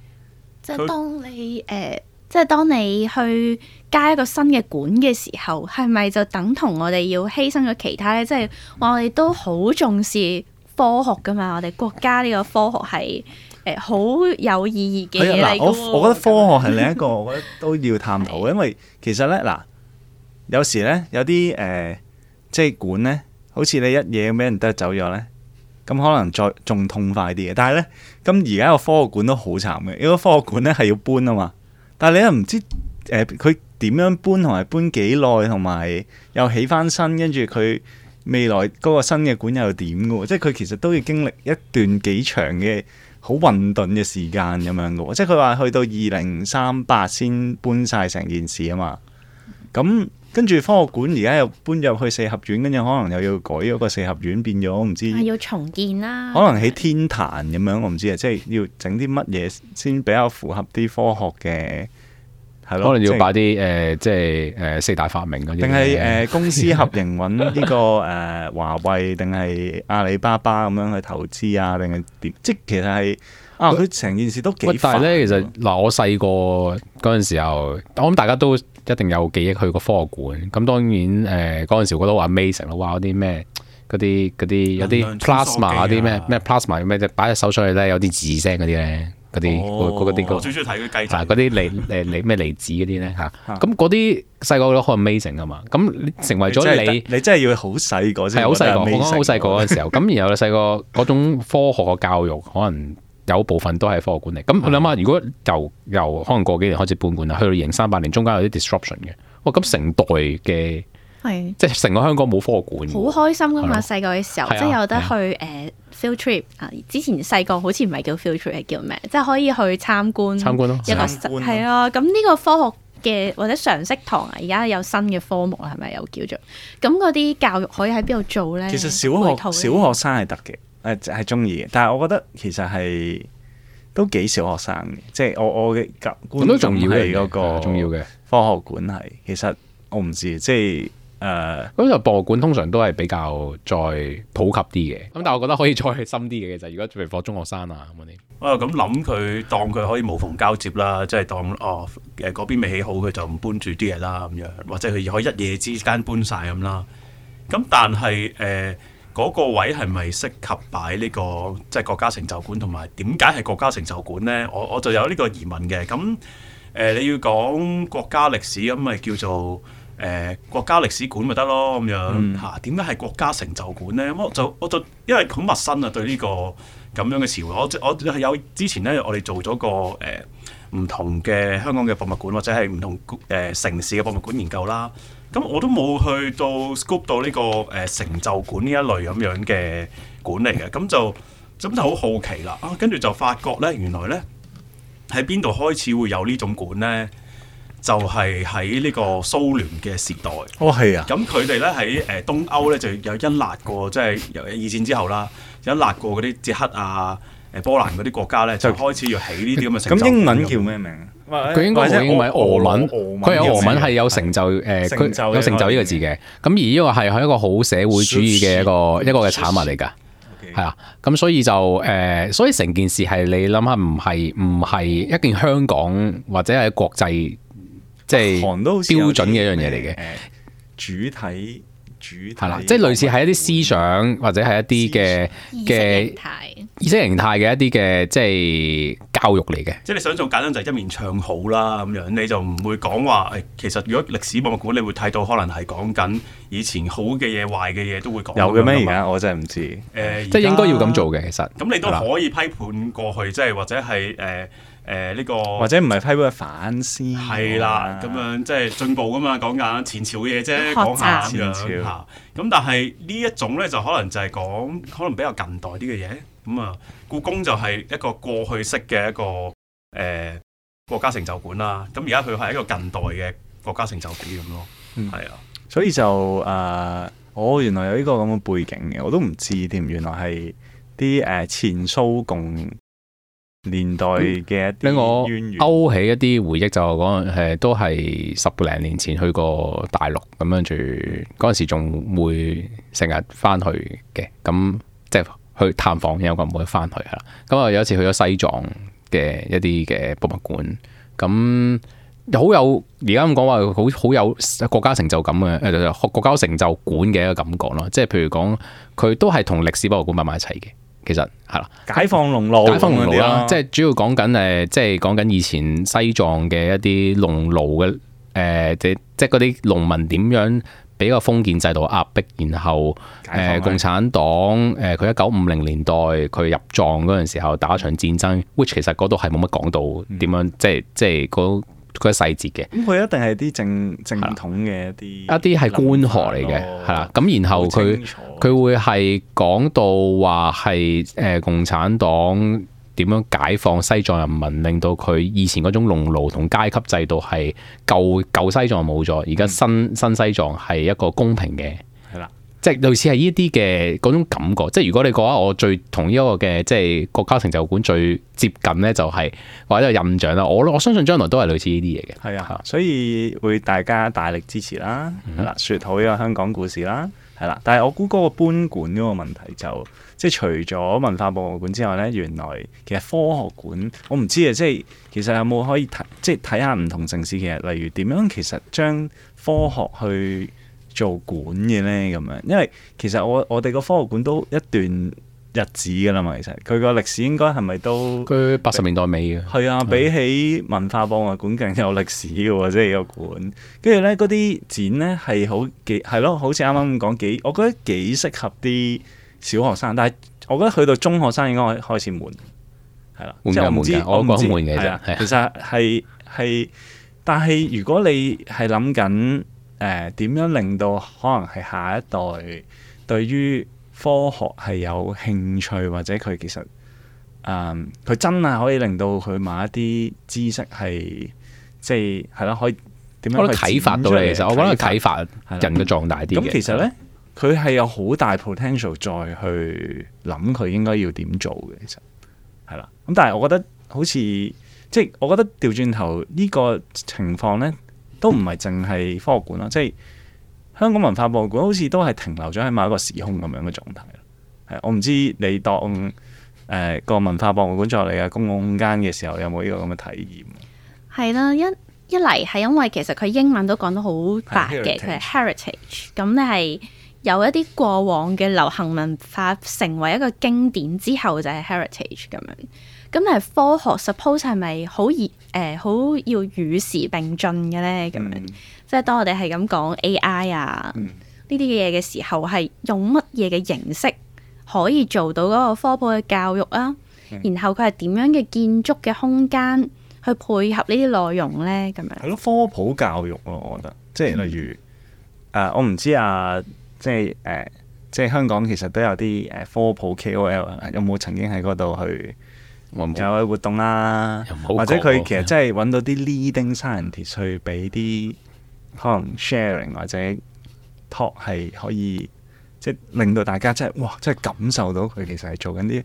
即係當你誒、呃，即係當你去加一個新嘅館嘅時候，係咪就等同我哋要犧牲咗其他呢？即係我哋都好重視科學噶嘛？我哋國家呢個科學係誒好有意義嘅嘢嚟噶、嗯、我我覺得科學係另一個， 我覺得都要探討因為其實呢，嗱，有時呢，有啲誒。呃即係管呢，好似你一夜咩人都走咗呢，咁可能再仲痛快啲嘅。但係呢，咁而家個科學館都好慘嘅，因為科學館呢係要搬啊嘛。但係你又唔知，誒、呃，佢點樣搬同埋搬幾耐，同埋又起翻新。跟住佢未來嗰個新嘅館又點噶喎？即係佢其實都要經歷一段幾長嘅好混沌嘅時間咁樣噶喎。即係佢話去到二零三八先搬晒成件事啊嘛。咁。跟住科學館而家又搬入去四合院，跟住可能又要改咗個四合院，變咗唔知。係要重建啦。可能喺天壇咁樣，我唔知啊，即係要整啲乜嘢先比較符合啲科學嘅係咯？可能要把啲誒、就是呃、即係誒、呃、四大發明嗰啲定係誒公司合營揾呢個誒、 呃、華為定係阿里巴巴咁樣去投資啊？定係點？即其實係啊，佢成件事都幾快。但係咧，其實嗱、呃，我細個嗰陣時候，我諗大家都一定有記憶去個科學館，咁當然誒嗰陣時我都話 amazing 咯，話嗰啲咩嗰啲嗰啲有啲 plasma 嗰啲咩咩 plasma 咩，就擺隻手上去咧有啲字聲嗰啲咧，嗰啲嗰啲嗰啲最中意睇嗰啲雞蛋嗰啲、啊、離誒離咩離,離,離,離子嗰啲咧咁嗰啲細個都好 amazing 啊嘛，咁成為咗你你真係要好細個好細個，好細個嗰陣時候，咁 然後細個嗰種科學嘅教育可能。有部分都係科學館嚟。咁我諗下，如果由由可能過幾年開始搬館啊，去到二零三八年，中間有啲 disruption 嘅，咁成代嘅，係是即係成個香港冇科學館，好開心噶嘛！細個嘅時候，的即係有得去誒的、uh, field trip 啊，之前細個好似唔係叫 field trip 係叫咩？即係可以去參觀參觀咯，一個係啊，咁呢個科學嘅或者常識堂啊，而家有新嘅科目係咪？又叫做咁嗰啲教育可以喺邊度做咧？其實小學小學生係得嘅。誒，就係中意嘅，但係我覺得其實係都幾小學生嘅，即係我我嘅感，咁都重要嘅，嗰個重要嘅科學館係，其實我唔知，即係誒，咁、呃、就博物館通常都係比較再普及啲嘅，咁但係我覺得可以再深啲嘅其實，如果譬如放中學生啊咁嗰啲，啊咁諗佢當佢可以無縫交接啦，即係當哦誒嗰邊未起好，佢就唔搬住啲嘢啦，咁樣或者佢可以一夜之間搬晒咁啦，咁但係誒。呃嗰個位係咪適合擺呢、這個即係、就是、國家成就館同埋點解係國家成就館呢？我我就有呢個疑問嘅。咁誒、呃、你要講國家歷史咁咪叫做誒、呃、國家歷史館咪得咯？咁樣嚇點解係國家成就館呢？我就我就因為好陌生啊對呢、這個咁樣嘅詞彙。我我有之前呢，我哋做咗個誒唔、呃、同嘅香港嘅博物館或者係唔同誒、呃、城市嘅博物館研究啦。咁我都冇去到 scoop 到呢個誒成就館呢一類咁樣嘅館嚟嘅，咁就咁就好好奇啦。啊，跟住就發覺咧，原來咧喺邊度開始會有呢種館咧，就係喺呢個蘇聯嘅時代。哦，係啊。咁佢哋咧喺誒東歐咧，就有一辣過即係二戰之後啦，一辣過嗰啲捷克啊、誒波蘭嗰啲國家咧，就開始要起呢啲咁嘅成就館。咁英文叫咩名？佢應該認為俄文，佢有俄文係有成就，誒、呃，佢有成就呢個字嘅。咁而呢個係喺一個好社會主義嘅一個事一個嘅產物嚟㗎，係啊 Okay.。咁所以就誒、呃，所以成件事係你諗下，唔係唔係一件香港或者係國際即係標準嘅一樣嘢嚟嘅。主體。係啦，即係類似係一啲思想或者係一啲嘅嘅意識形態嘅一啲嘅即係教育嚟嘅。即係你想做簡單就係一面唱好啦咁樣，你就唔會講話誒，其實如果歷史博物館你會睇到可能係講緊以前好嘅嘢、壞嘅嘢都會講。有嘅咩而家？我真係唔知。誒、呃，即係應該要咁做嘅其實。咁你都可以批判過去，即係或者係誒。呃誒呢、呃這個或者唔係批判反思係、啊、啦，咁樣即係進步噶嘛，講緊前朝嘅嘢啫，啊、講下前朝嚇。咁、嗯、但係呢一種咧，就可能就係講可能比較近代啲嘅嘢。咁、嗯、啊，故宮就係一個過去式嘅一個誒、呃、國家成就館啦。咁而家佢係一個近代嘅國家成就館咁咯。係啊、嗯，的所以就誒、呃，我原來有呢個咁嘅背景嘅，我都唔知添、呃。原來係啲誒前蘇共。年代嘅一令我勾起一啲回憶就，就嗰誒都係十零年前去過大陸咁樣住，嗰陣時仲會成日翻去嘅。咁、嗯、即係去探訪，有個唔會翻去啦。咁、嗯、啊，有一次去咗西藏嘅一啲嘅博物館，咁、嗯、好有而家咁講話好好有國家成就感嘅，誒，國家成就館嘅一個感覺咯。即係譬如講，佢都係同歷史博物館埋埋一齊嘅。其實係啦，解放農奴，解放農奴啦，即係主要講緊誒，即係講緊以前西藏嘅一啲農奴嘅誒，即即嗰啲農民點樣俾個封建制度壓迫，然後誒、呃、共產黨誒佢一九五零年代佢入藏嗰陣時候打一場戰爭，which 其實嗰度係冇乜講到點樣，嗯、即係即係佢係細節嘅，咁佢一定係啲正正統嘅一啲的，一啲係官學嚟嘅，係啦的。咁然後佢佢會係講到話係誒共產黨點樣解放西藏人民，令到佢以前嗰種農奴同階級制度係舊舊西藏冇咗，而家新新西藏係一個公平嘅。嗯即係類似係呢啲嘅嗰種感覺，即係如果你講啊，我最同呢一個嘅即係國家成就館最接近咧，就係或者有印象啦。我我相信將來都係類似呢啲嘢嘅。係啊，啊所以會大家大力支持啦，啦說、嗯、哼好呢個香港故事啦，係啦、啊。但係我估嗰個搬館嗰個問題就即係除咗文化博物館之外咧，原來其實科學館我唔知啊，即係其實有冇可以睇即係睇下唔同城市嘅，其實例如點樣其實將科學去。做館嘅咧咁樣，因為其實我我哋個科學館都一段日子噶啦嘛，其實佢個歷史應該係咪都佢八十年代尾嘅？係比啊，比起文化博物館更有歷史嘅喎，即係個館。跟住咧，嗰啲展咧係好幾係咯，好似啱啱咁講幾，我覺得幾適合啲小學生。但係我覺得去到中學生應該開始悶，係啦，悶的即係唔知我講悶嘅，其實係係， 但係如果你係諗緊。誒，點、呃、樣令到可能係下一代對於科學係有興趣，或者佢其實，嗯、呃，佢真係可以令到佢某一啲知識，係即係係咯，可以點樣啟發到你？其實我覺得啟發，係人嘅壯大啲咁、嗯嗯嗯嗯、其實咧，佢係有好大 potential 再去諗佢應該要點做嘅。其實係啦，咁、嗯、但係我覺得好似即係，我覺得調轉頭呢個情況咧。都唔係淨係科學館啦，即係香港文化博物館好似都係停留咗喺某一個時空咁樣嘅狀態，係我唔知你當誒、呃、個文化博物館作你嘅公共空間嘅時候，有冇呢個咁嘅體驗？係啦，一一嚟係因為其實佢英文都講得好白嘅，佢係 heritage，咁咧係。有一啲過往嘅流行文化成為一個經典之後就係 heritage 咁樣。咁係科學，suppose 係咪好易？誒、呃，好要與時並進嘅咧咁樣。嗯、即係當我哋係咁講 AI 啊呢啲嘅嘢嘅時候，係用乜嘢嘅形式可以做到嗰個科普嘅教育啊？嗯、然後佢係點樣嘅建築嘅空間去配合呢啲內容咧？咁樣係咯，科普教育咯，啊，我覺得即係例如誒、嗯啊，我唔知啊。即係誒、呃，即係香港其實都有啲誒、呃、科普 KOL 啊，有冇曾經喺嗰度去有去活動啦？或者佢其實真係揾到啲 leading scientist 去俾啲可能 sharing 或者 talk 係可以，即係令到大家即係哇，即係感受到佢其實係做緊啲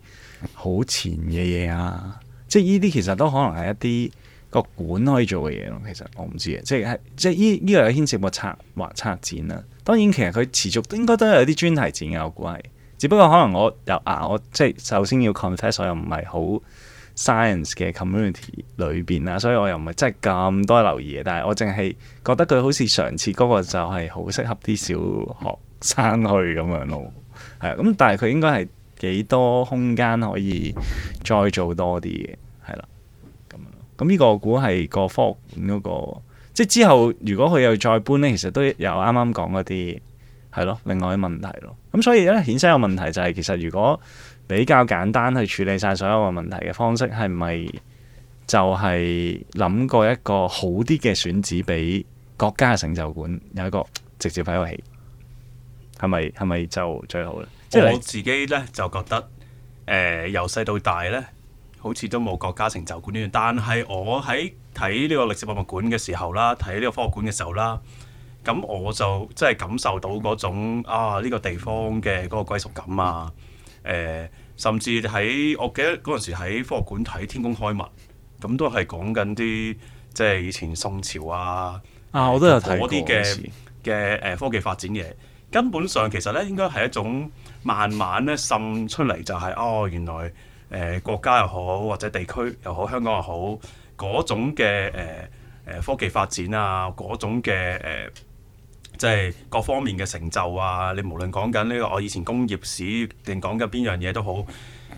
好前嘅嘢啊！即係依啲其實都可能係一啲個館可以做嘅嘢咯。其實我唔知啊，即係即係依依個又牽涉個策或策展啊。當然，其實佢持續應該都有啲專題展嘅，我估係。只不過可能我又啊，我即係首先要 confess 我又唔係好 science 嘅 community 裏邊啦，所以我又唔係真係咁多留意。但係我淨係覺得佢好似上次嗰個就係好適合啲小學生去咁樣咯。係啊，咁但係佢應該係幾多空間可以再做多啲嘅？係啦，咁咯。咁呢個估係個科學館嗰個。即之後，如果佢又再搬呢，其實都有啱啱講嗰啲，係咯，另外啲問題咯。咁所以咧，衍生嘅問題就係、是、其實如果比較簡單去處理晒所有嘅問題嘅方式，係咪就係諗過一個好啲嘅選址俾國家成就館，有一個直接喺度起，係咪係咪就最好咧？即係我自己咧就覺得，誒由細到大咧。好似都冇國家成就館呢樣，但係我喺睇呢個歷史博物館嘅時候啦，睇呢個科學館嘅時候啦，咁我就真係感受到嗰種啊呢、呢個地方嘅嗰個歸屬感啊，誒、呃，甚至喺我記得嗰陣時喺科學館睇天工開物，咁都係講緊啲即係以前宋朝啊啊，我都有睇過啲嘅嘅誒科技發展嘢，根本上其實咧應該係一種慢慢咧滲出嚟就係、是、哦、啊、原來。誒國家又好，或者地區又好，香港又好，嗰種嘅誒誒科技發展啊，嗰種嘅誒，即、呃、係、就是、各方面嘅成就啊！你無論講緊呢個我以前工業史定講緊邊樣嘢都好，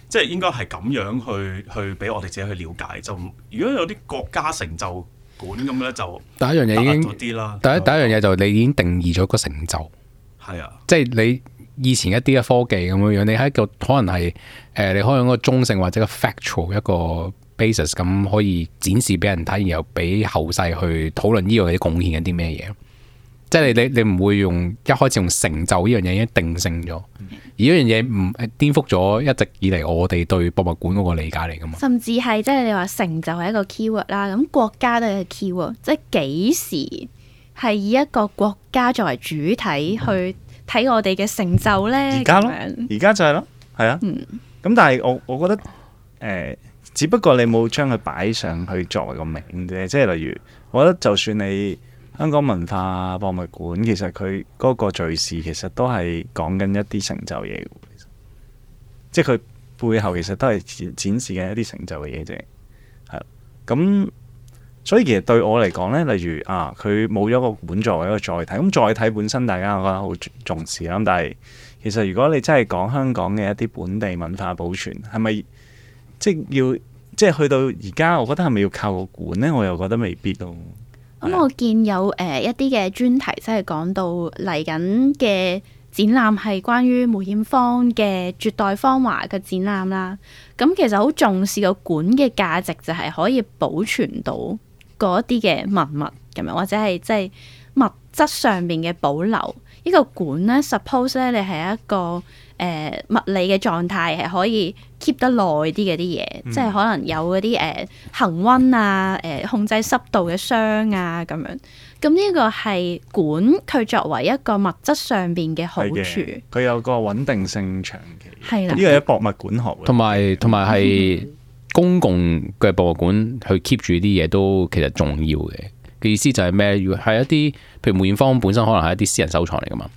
即係應該係咁樣去去俾我哋自己去了解。就如果有啲國家成就館咁咧，就第一樣嘢已經多啲啦，第。第一第一樣嘢就你已經定義咗個成就，係啊，即係你以前一啲嘅科技咁樣，你喺一個可能係。誒，你可以用個中性或者個 factual 一個 basis 咁，可以展示俾人睇，然後俾後世去討論呢樣嘢貢獻緊啲咩嘢，即係你你唔會用一開始用成就呢樣嘢已經定性咗，而呢樣嘢唔顛覆咗一直以嚟我哋對博物館嗰個理解嚟噶嘛。甚至係即係你話成就係一個 keyword 啦，咁國家都係一個 keyword，即係幾時係以一個國家作為主體去睇我哋嘅成就咧？而家、嗯、嗎咯，而家就係咯，係啊，嗯。咁、嗯、但係我，我覺得，誒、呃，只不過你冇將佢擺上去作為個名啫，即係例如，我覺得就算你香港文化博物館，其實佢嗰個敘事其實都係講緊一啲成就嘢，即係佢背後其實都係展示緊一啲成就嘅嘢啫，係咁。嗯所以其實對我嚟講咧，例如啊，佢冇咗個館作為一個載體，咁、嗯、載體本身大家我覺得好重視啦。但係其實如果你真係講香港嘅一啲本地文化保存，係咪即係要即係去到而家，我覺得係咪要靠個館咧？我又覺得未必咯。咁、嗯、我見有誒一啲嘅專題，真係講到嚟緊嘅展覽係關於梅艷芳嘅絕代芳華嘅展覽啦。咁其實好重視個館嘅價值，就係可以保存到。嗰一啲嘅文物咁樣，或者係即係物質上邊嘅保留，呢個館咧，suppose 咧你係一個誒、呃、物理嘅狀態係可以 keep 得耐啲嘅啲嘢，嗯、即係可能有嗰啲誒恆溫啊，誒、呃、控制濕度嘅箱啊咁樣，咁呢個係管佢作為一個物質上邊嘅好處，佢有個穩定性長期，係啦的，呢個係博物館學，同埋同埋係。 公共嘅博物館去 keep 住啲嘢都其實重要嘅。嘅意思就係咩？要係一啲，譬如梅艷芳本身可能係一啲私人收藏嚟㗎嘛，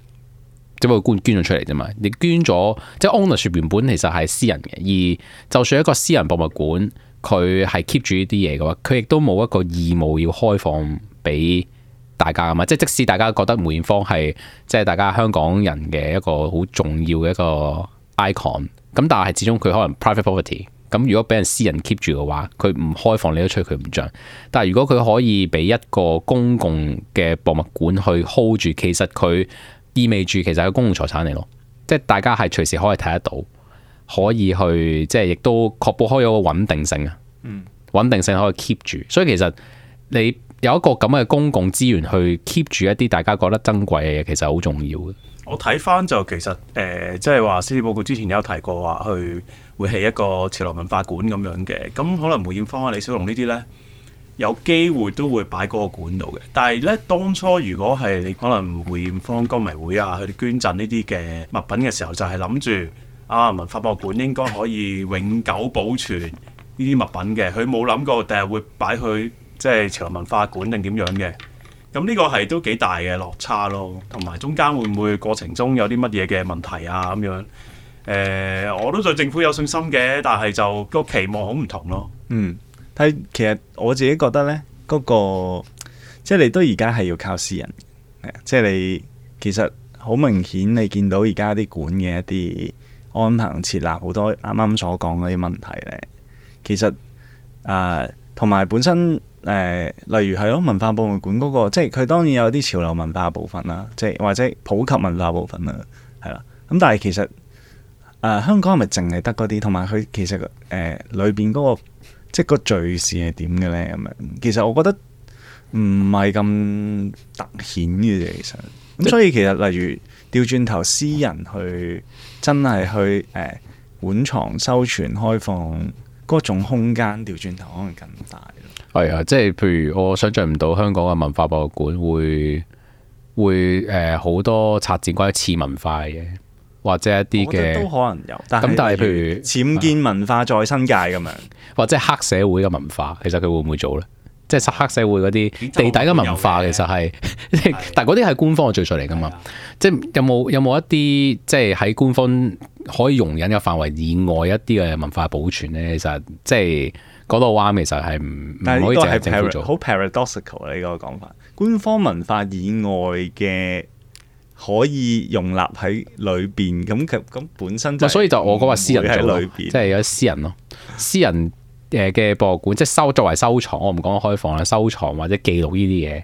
只不過捐捐咗出嚟啫嘛。你捐咗即係 ownership 原本其實係私人嘅，而就算一個私人博物館，佢係 keep 住呢啲嘢嘅話，佢亦都冇一個義務要開放俾大家啊嘛。即係即使大家覺得梅艷芳係即係大家香港人嘅一個好重要嘅一個 icon，咁但係始終佢可能 private property 咁如果俾人私人 keep 住嘅話，佢唔開放你都吹佢唔脹。但係如果佢可以俾一個公共嘅博物館去 hold 住，其實佢意味住其實係公共財產嚟咯。即係大家係隨時可以睇得到，可以去即係亦都確保開有個穩定性啊。穩定性可以 keep 住，所以其實你有一個咁嘅公共資源去 keep 住一啲大家覺得珍貴嘅嘢，其實好重要。我睇翻就其實誒，即係話《施政報告》之前有提過話佢會起一個潮流文化館咁樣嘅，咁可能梅艷芳啊、李小龍呢啲呢，有機會都會擺嗰個館度嘅。但係呢，當初如果係你可能梅艷芳歌迷會啊，佢哋捐贈呢啲嘅物品嘅時候，就係諗住啊文化博物館應該可以永久保存呢啲物品嘅，佢冇諗過第日會擺去即係、就是、潮流文化館定點樣嘅。咁呢個係都幾大嘅落差咯，同埋中間會唔會過程中有啲乜嘢嘅問題啊咁樣？誒，我都對政府有信心嘅，但係就個期望好唔同咯。嗯，睇其實我自己覺得呢，嗰、嗰個即係你都而家係要靠私人，即係你其實好明顯你見到而家啲館嘅一啲安排設立好多啱啱所講嗰啲問題呢，其實啊，同埋本身。誒、呃，例如係咯，文化博物館嗰個，即係佢當然有啲潮流文化部分啦，即係或者普及文化部分啦，係啦。咁、嗯、但係其實，誒、呃，香港係咪淨係得嗰啲？同埋佢其實誒裏邊嗰個，即係個敘事係點嘅咧？咁樣其實我覺得唔係咁凸顯嘅，其實咁、嗯。所以其實例如調轉頭，私人去真係去誒、呃，館藏收存開放。嗰種空間調轉頭可能更大咯。啊，即係譬如我想象唔到香港嘅文化博物館會會誒好、呃、多策展關於次文化嘅，或者一啲嘅都可能有。但係咁，但係譬如僭建文化再新界咁樣，啊，或者黑社會嘅文化，其實佢會唔會做咧？即係殺黑社會嗰啲地底嘅文化，其實係， 但係嗰啲係官方嘅敘述嚟㗎嘛。的即係有冇有冇一啲即係喺官方可以容忍嘅範圍以外一啲嘅文化保存咧？其實即係講到話，其實係唔唔可以就係做，好 paradoxical 呢個講法，官方文化以外嘅可以容納喺裏邊咁，咁本身就所以就我講話私人做咯，即係有私人咯，私人。誒嘅博物館，即係收作為收藏，我唔講開放啦，收藏或者記錄呢啲嘢，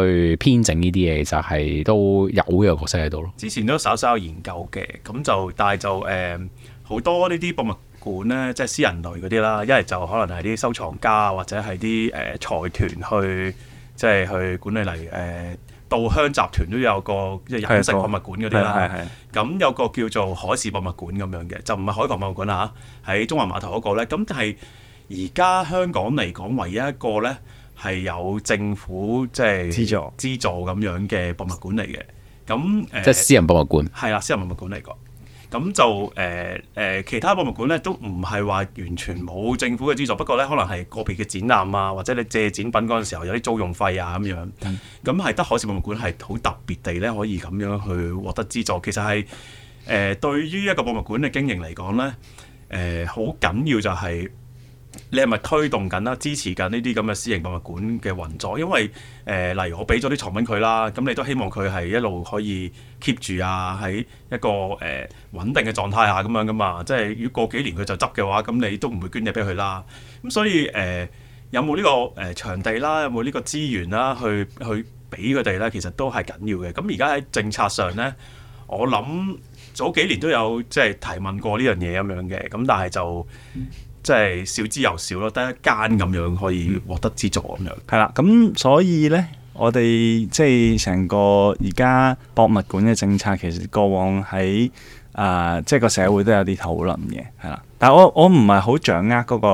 去編整呢啲嘢就係、是、都有嘅個角色喺度咯。之前都稍稍有研究嘅，咁就但係就誒好、呃、多呢啲博物館咧，即係私人類嗰啲啦，一係就可能係啲收藏家或者係啲誒財團去即係去管理嚟誒稻香集團都有個即係飲食博物館嗰啲啦，係咁的有個叫做海事博物館咁樣嘅，就唔係海防博物館啦，喺中環碼頭嗰、那個咧，咁係。而家香港嚟講，唯一一個呢係有政府即係資助資助咁樣嘅博物館嚟嘅。咁、呃、即係私人博物館。係啦，私人博物館嚟講。咁就誒誒、呃呃，其他博物館呢都唔係話完全冇政府嘅資助，不過呢可能係個別嘅展覽啊，或者你借展品嗰陣時候有啲租用費啊咁樣。咁係得海事博物館係好特別地呢可以咁樣去獲得資助。其實係誒、呃、對於一個博物館嘅經營嚟講呢，誒好緊要就係、是。你係咪推動緊啦？支持緊呢啲咁嘅私營博物館嘅運作，因為誒、呃，例如我俾咗啲藏品佢啦，咁你都希望佢係一路可以 keep 住啊，喺一個誒穩、呃、定嘅狀態下咁樣噶嘛？即係如果過幾年佢就執嘅話，咁你都唔會捐嘢俾佢啦。咁所以誒、呃，有冇呢個誒場地啦？有冇呢個資源啦？去去俾佢哋咧，其實都係緊要嘅。咁而家喺政策上咧，我諗早幾年都有即係提問過呢樣嘢咁樣嘅，咁但係就。嗯即係少之又少咯，得一間咁樣可以獲得資助咁樣。係啦，咁 所以呢，我哋即係成個而家博物館嘅政策，其實過往喺誒，即、呃、係、即係、個社會都有啲討論嘅，係啦。但係我我唔係好掌握嗰、嗰個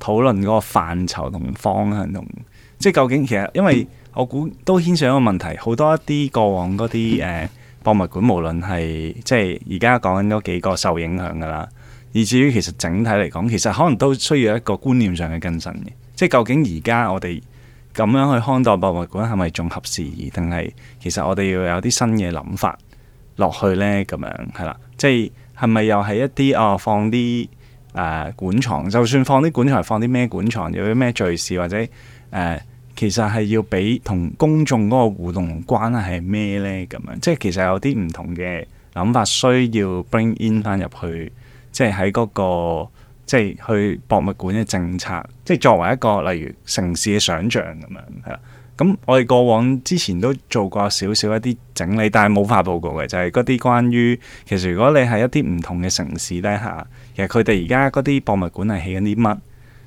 討論嗰個範疇同方向同，即係究竟其實，因為我估都牽涉一個問題，好多一啲過往嗰啲誒博物館，無論係即係而家講緊嗰幾個受影響噶啦。以至於其實整體嚟講，其實可能都需要一個觀念上嘅更新嘅，即係究竟而家我哋咁樣去看待博物館係咪仲合時宜，定係其實我哋要有啲新嘅諗法落去呢？咁樣係啦，即係係咪又係一啲啊、哦、放啲誒館藏，就算放啲館藏，放啲咩館藏，有啲咩敘事，或者誒、呃、其實係要俾同公眾嗰個互動關係係咩呢？咁樣即係其實有啲唔同嘅諗法需要 bring in 翻入去。即係喺嗰個，即係去博物館嘅政策，即係作為一個例如城市嘅想像咁樣，係啦。咁我哋過往之前都做過少少一啲整理，但係冇發報告嘅，就係嗰啲關於其實如果你係一啲唔同嘅城市底下，其實佢哋而家嗰啲博物館係起緊啲乜，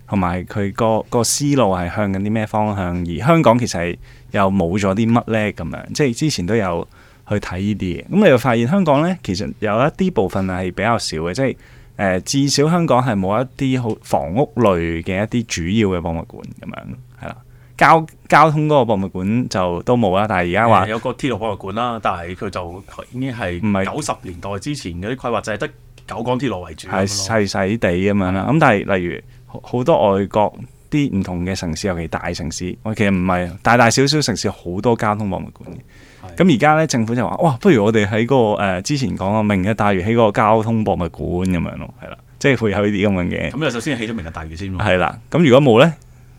同埋佢個、嗰個思路係向緊啲咩方向？而香港其實係又冇咗啲乜呢咁樣，即係之前都有去睇呢啲嘢，咁你又發現香港呢，其實有一啲部分係比較少嘅，即係。呃、至少香港係冇一啲好房屋類嘅一啲主要嘅博物館咁樣，係啦。交交通嗰個博物館就都冇啦。但係而家話有個鐵路博物館啦，但係佢就已經係唔係九十年代之前嗰啲規劃就係得九廣鐵路為主，係細細地咁樣啦。咁、嗯、但係例如好多外國啲唔同嘅城市，尤其大城市，我其實唔係大大小小城市好多交通博物館。咁而家咧，政府就話，哇，不如我哋喺、那個誒、呃、之前講個明日大嶼喺個交通博物館咁樣咯，係啦，即係會有呢啲咁樣嘅。咁啊，首先起咗明日大嶼先嘛？係啦，咁如果冇咧，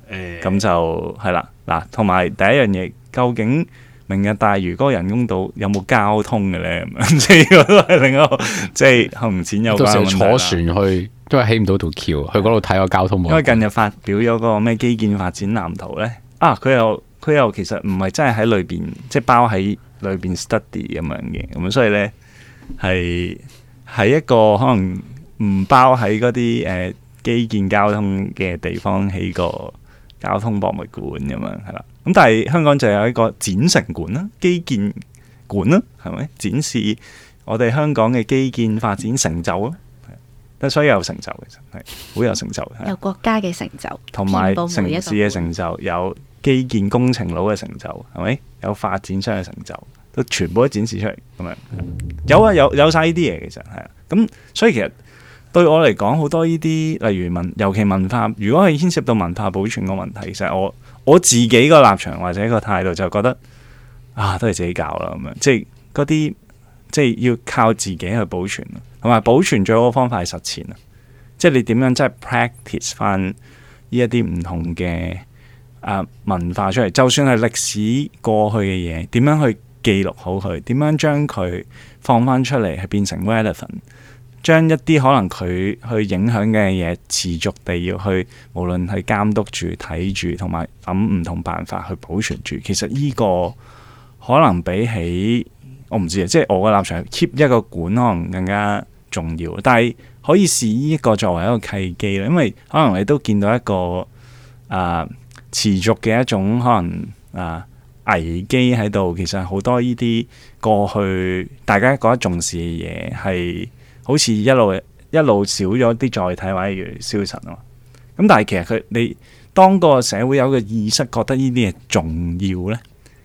誒、欸，咁就係啦，嗱，同埋第一樣嘢，究竟明日大嶼嗰個人工島有冇交通嘅咧？咁， 呢個都係另一個即係同錢有關。坐船去，都係起唔到條橋，去嗰度睇個交通冇。因為近日發表咗嗰個咩基建發展藍圖咧，啊，佢又佢又其實唔係真係喺裏邊，即係包喺。裏邊 study 咁樣嘅，咁所以呢係喺一個可能唔包喺嗰啲誒、基建交通嘅地方起個交通博物館咁樣，係啦。咁但係香港就有一個展城館啦，基建館啦，係咪展示我哋香港嘅基建發展成就咯？係，但所以有成就嘅，係好有成就嘅，有國家嘅成就，同埋城市嘅成就有。基建工程佬嘅成就係咪有發展商嘅成就？都全部都展示出嚟咁樣，有啊有有晒呢啲嘢，其實係啦。咁所以其實對我嚟講，好多呢啲例如文，尤其文化，如果係牽涉到文化保存個問題，其實我我自己個立場或者個態度就覺得啊，都係自己搞啦咁樣，即係嗰啲即係要靠自己去保存，同埋保存最好嘅方法係實踐啊，即係你點樣真係 practice 翻呢一啲唔同嘅。啊，文化出嚟，就算係歷史過去嘅嘢，點樣去記錄好佢？點樣將佢放翻出嚟，係變成 relevant？將一啲可能佢去影響嘅嘢，持續地要去，無論去監督住、睇住，同埋揾唔同辦法去保存住。其實呢個可能比起我唔知啊，即係我嘅立場係 keep 一個館，可能更加重要。但係可以試呢一個作為一個契機啦，因為可能你都見到一個誒，啊持續嘅一種可能啊，危機喺度，其實好多呢啲過去大家覺得重視嘅嘢，係好似一路一路少咗啲載體或者要消失啊嘛。咁但係其實佢你當個社會有一個意識覺得呢啲嘢重要呢，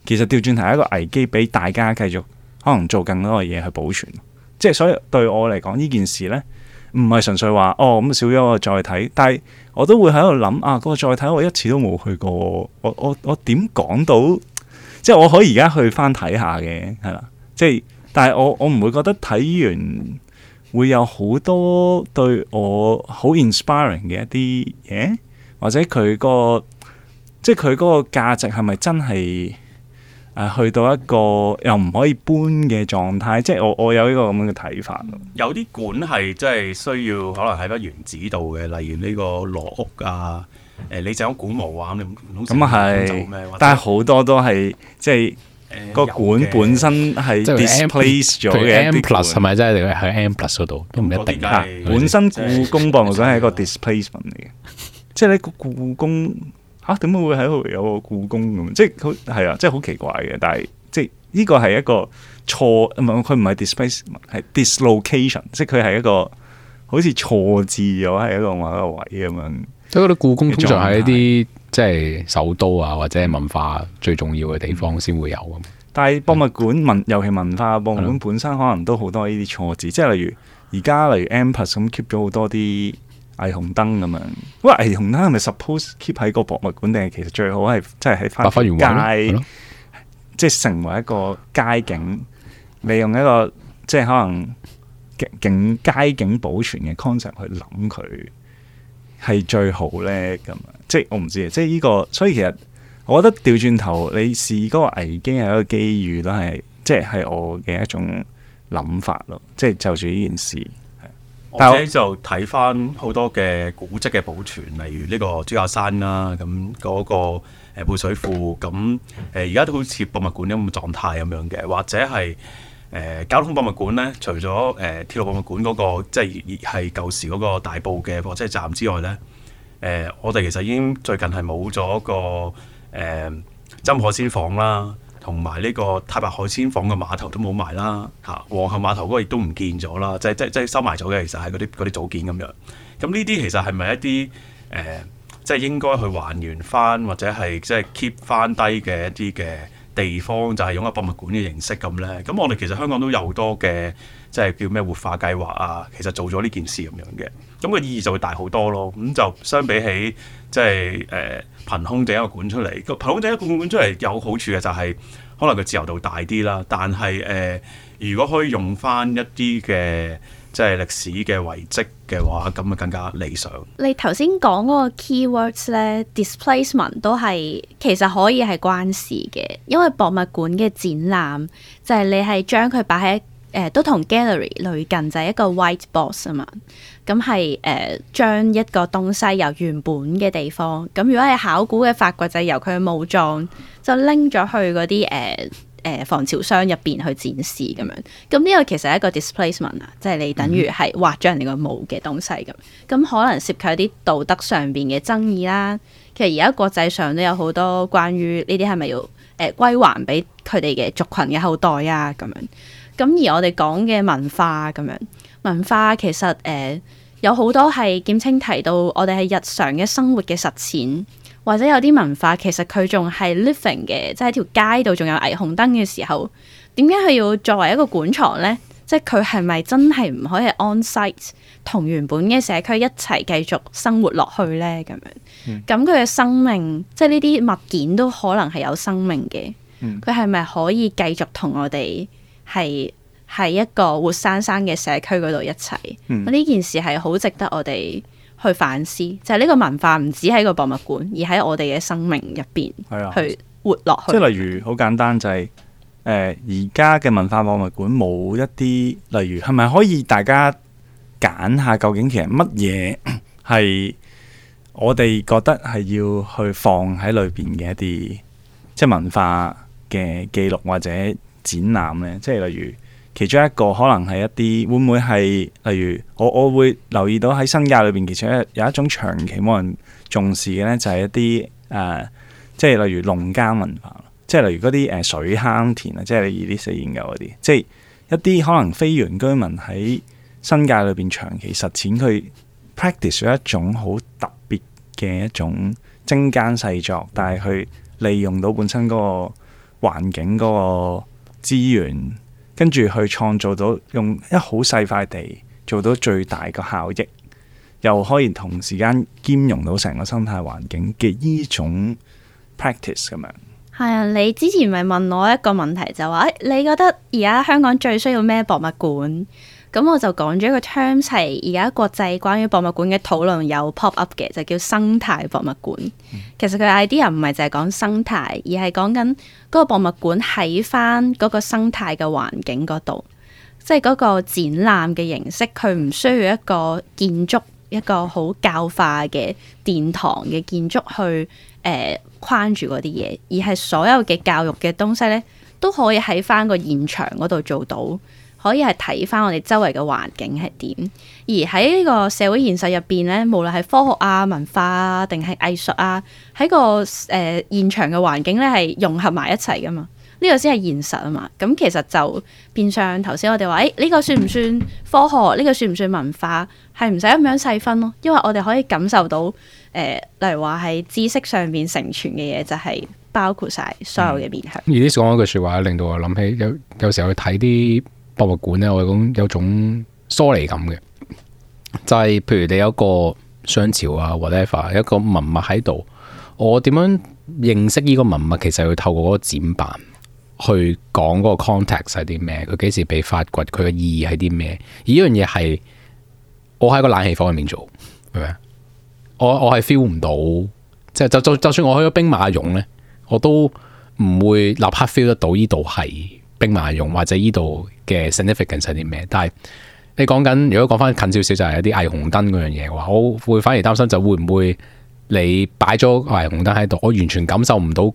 其實調轉係一個危機，俾大家繼續可能做更多嘅嘢去保存。即係所以對我嚟講呢件事呢唔係純粹話哦咁少咗個載體，但係。我都會喺度諗啊！嗰個再睇，我一次都冇去過，我我我點講到？即係我可以而家去返睇下嘅，係啦。即係，但係我我唔會覺得睇完會有好多對我好 inspiring 嘅一啲嘢，或者佢個即係佢嗰個價值係咪真係？誒去到一個又唔可以搬嘅狀態，即係我我有呢個咁樣嘅睇法咯。有啲館係真係需要可能喺個原址度嘅，例如呢個羅屋啊，誒你想館冇啊，你唔好成日搬走咩？咁啊係，但係好多都係即係個館本身係 displace 咗嘅，M plus 係咪真係喺喺 M plus 嗰度都唔一定㗎。本身故宮博物館係一個 displacement 嚟嘅，即係呢個故宮。嚇，點解會喺度有個故宮咁？即係好係啊，即係好奇怪嘅。但係即係呢個係一個錯，唔係佢唔係 displace，係 dislocation，即係佢係一個好似錯置咗喺一個某一個位咁樣。所以嗰啲故宮通常喺一啲即係首都啊，或者文化最重要嘅地方先會有。嗯、但係博物館文，尤其文化博物館本身可能都好多呢啲錯置，的即係例如而家例如 M+ 咁 keep 咗好多啲。霓虹燈咁樣。喂，霓虹燈係咪 suppose keep 喺個博物館，定係其實最好係即係喺翻街，即係成為一個街景，利用一個即係可能景街，街景保存嘅 concept 去諗佢係最好咧？咁即係我唔知啊，即係呢、這個，所以其實我覺得調轉頭，你視嗰個危機係一個機遇咯，係即係我嘅一種諗法咯。即係就住呢件事。或者就睇翻好多嘅古蹟嘅保存，例如呢個主教山啦、啊，咁嗰個配水庫，咁誒而家都好似博物館咁嘅狀態咁樣嘅，或者係誒、呃、交通博物館咧，除咗誒鐵路博物館嗰、那個即係係舊時嗰個大埔嘅火車站之外咧，誒、呃、我哋其實已經最近係冇咗個誒針火先房啦。同埋呢個太白海鮮舫嘅碼頭都冇埋啦，嚇皇后碼頭嗰個亦都唔見咗啦，即係即係收埋咗嘅，其實係嗰啲啲組件咁樣。咁呢啲其實係咪一啲誒、呃，即係應該去還原翻或者係即係 keep 翻低嘅一啲嘅地方，就係、是、用一個博物館嘅形式咁咧？咁我哋其實香港都有好多嘅。即係叫咩活化計劃啊，其實做咗呢件事咁樣嘅，咁、嗯、個意義就會大好多咯。咁、嗯、就相比起即係誒、呃、憑空起一個館出嚟，憑空起一個館館出嚟有好處嘅就係、是、可能個自由度大啲啦。但係誒、呃，如果可以用翻一啲嘅即係歷史嘅遺跡嘅話，咁啊更加理想。你頭先講嗰個 keywords 咧，displacement 都係其實可以係關事嘅，因為博物館嘅展覽就係、是、你係將佢擺喺。誒都同 gallery 類近，就係一個 white box 啊嘛。咁係誒將一個東西由原本嘅地方，咁如果係考古嘅發掘，就由佢嘅墓葬就拎咗去嗰啲誒誒防潮箱入邊去展示咁樣。咁呢個其實係一個 displacement 啊，即係你等於係挖咗人哋個墓嘅東西咁。咁可能涉及啲道德上邊嘅爭議啦。其實而家國際上都有好多關於呢啲係咪要誒歸還俾佢哋嘅族群嘅後代啊咁樣。咁而我哋講嘅文化咁樣，文化其實誒、呃、有好多係劍青提到我哋係日常嘅生活嘅實踐，或者有啲文化其實佢仲係 living 嘅，即係條街度仲有霓虹燈嘅時候，點解佢要作為一個館藏呢？即係佢係咪真係唔可以 on site 同原本嘅社區一齊繼續生活落去呢？咁樣咁佢嘅生命，即係呢啲物件都可能係有生命嘅，佢係咪可以繼續同我哋？係喺一個活生生嘅社區嗰度一齊，呢、嗯、件事係好值得我哋去反思，就係、是、呢個文化唔止喺個博物館，而喺我哋嘅生命入邊，去活落去。即係、啊就是、例如好簡單就係、是，而家嘅文化博物館冇一啲，例如係咪可以大家揀下究竟其實乜嘢係我哋覺得係要去放喺裏邊嘅一啲，即、就、係、是、文化嘅記錄或者。展覽咧，即係例如其中一個可能係一啲會唔會係，例如我我會留意到喺新界裏邊其實有一種長期冇人重視嘅咧，就係、是、一啲誒、呃，即係例如農耕文化，即係例如嗰啲誒水坑田啊，即係你二、啲四研究嗰啲，即係一啲可能非原居民喺新界裏邊長期實踐佢 practice 咗一種好特別嘅一種精耕細作，但係佢利用到本身嗰個環境嗰、那個。資源跟住去創造到用一好細塊地做到最大個效益，又可以同時間兼容到成個生態環境嘅呢種 practice 咁樣。係啊，你之前咪問我一個問題，就話、是、誒、哎，你覺得而家香港最需要咩博物館？咁我就講咗一個 terms 係而家國際關於博物館嘅討論有 pop up 嘅，就叫生態博物館。其實佢 idea 唔係就係講生態，而係講緊嗰個博物館喺翻嗰個生態嘅環境嗰度，即係嗰個展覽嘅形式，佢唔需要一個建築一個好教化嘅殿堂嘅建築去誒、呃、框住嗰啲嘢，而係所有嘅教育嘅東西咧都可以喺翻個現場嗰度做到。可以係睇翻我哋周圍嘅環境係點，而喺呢個社會現實入邊咧，無論係科學啊、文化啊，定係藝術啊，喺個誒、呃、現場嘅環境咧係融合埋一齊噶嘛，呢、呢個先係現實啊嘛。咁其實就變相，頭先我哋話，誒、呢、呢個算唔算科學？呢、呢個算唔算文化？係唔使咁樣細分咯，因為我哋可以感受到，誒、呃、例如話喺知識上面成全嘅嘢就係、係、包括晒所有嘅面向。嗯、而呢講嗰句說話，令到我諗起有有時候去睇啲。博物館咧，我講有種疏離感嘅，就係、是、譬如你有一個商朝啊，whatever，有一個文物喺度，我點樣認識呢個文物？其實要透過嗰個展板去講嗰個 context 係啲咩？佢幾時被發掘？佢嘅意義係啲咩？而呢樣嘢係我喺個冷氣房入面做，係咪啊？我我係 feel 唔到，即係就就就算我去咗兵馬俑呢，我都唔會立刻 feel 得到呢度係。兵馬俑或者依度嘅 significance 係啲咩？但係你講緊，如果講翻近少少，就係有啲霓虹燈樣嘢嘅話，我會反而擔心就會唔會你擺咗個霓虹燈喺度，我完全感受唔到。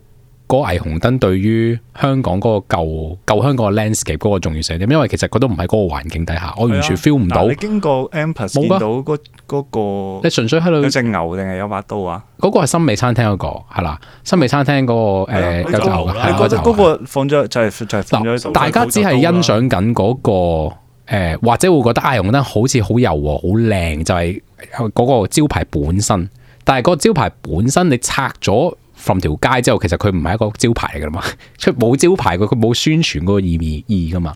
嗰霓虹燈對於香港嗰個舊舊香港嘅 landscape 嗰個重要性點？因為其實佢都唔喺嗰個環境底下，我完全 feel 唔到。你經過 m 見到嗰嗰個，你純粹喺度？有隻牛定係有把刀啊？嗰個係森美餐廳嗰個係啦，森美餐廳嗰個誒有牛嘅，嗰個放咗就係就大家只係欣賞緊嗰個，或者會覺得霓虹燈好似好柔和、好靚，就係嗰個招牌本身。但係嗰個招牌本身你拆咗。從條街之後，其實佢唔係一個招牌嚟噶嘛，出冇招牌，佢佢冇宣傳嗰、啊、個意義、啊、意義噶嘛，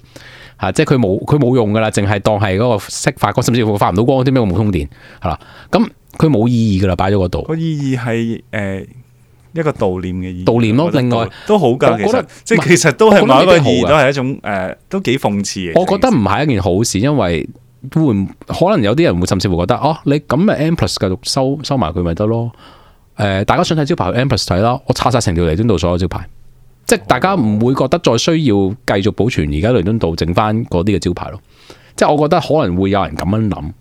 吓，即係佢冇佢冇用噶啦，淨係當係嗰個識發甚至乎發唔到光嗰啲咩，我冇通電係啦，咁佢冇意義噶啦，擺咗嗰度。個意義係誒一個悼念嘅意義，悼念咯。另外其實都好噶，我覺得即係其實都係某個意義是都係一種誒、呃、都幾諷刺嘅。我覺得唔係一件好事，因為會可能有啲人會甚至乎覺得哦，你咁咪 Amplus 繼續收收埋佢咪得咯。誒、呃，大家想睇招牌，去 ampers 睇啦，我拆晒成條彌敦道所有招牌，即係大家唔會覺得再需要繼續保存而家彌敦道剩翻嗰啲嘅招牌咯，即係我覺得可能會有人咁樣諗，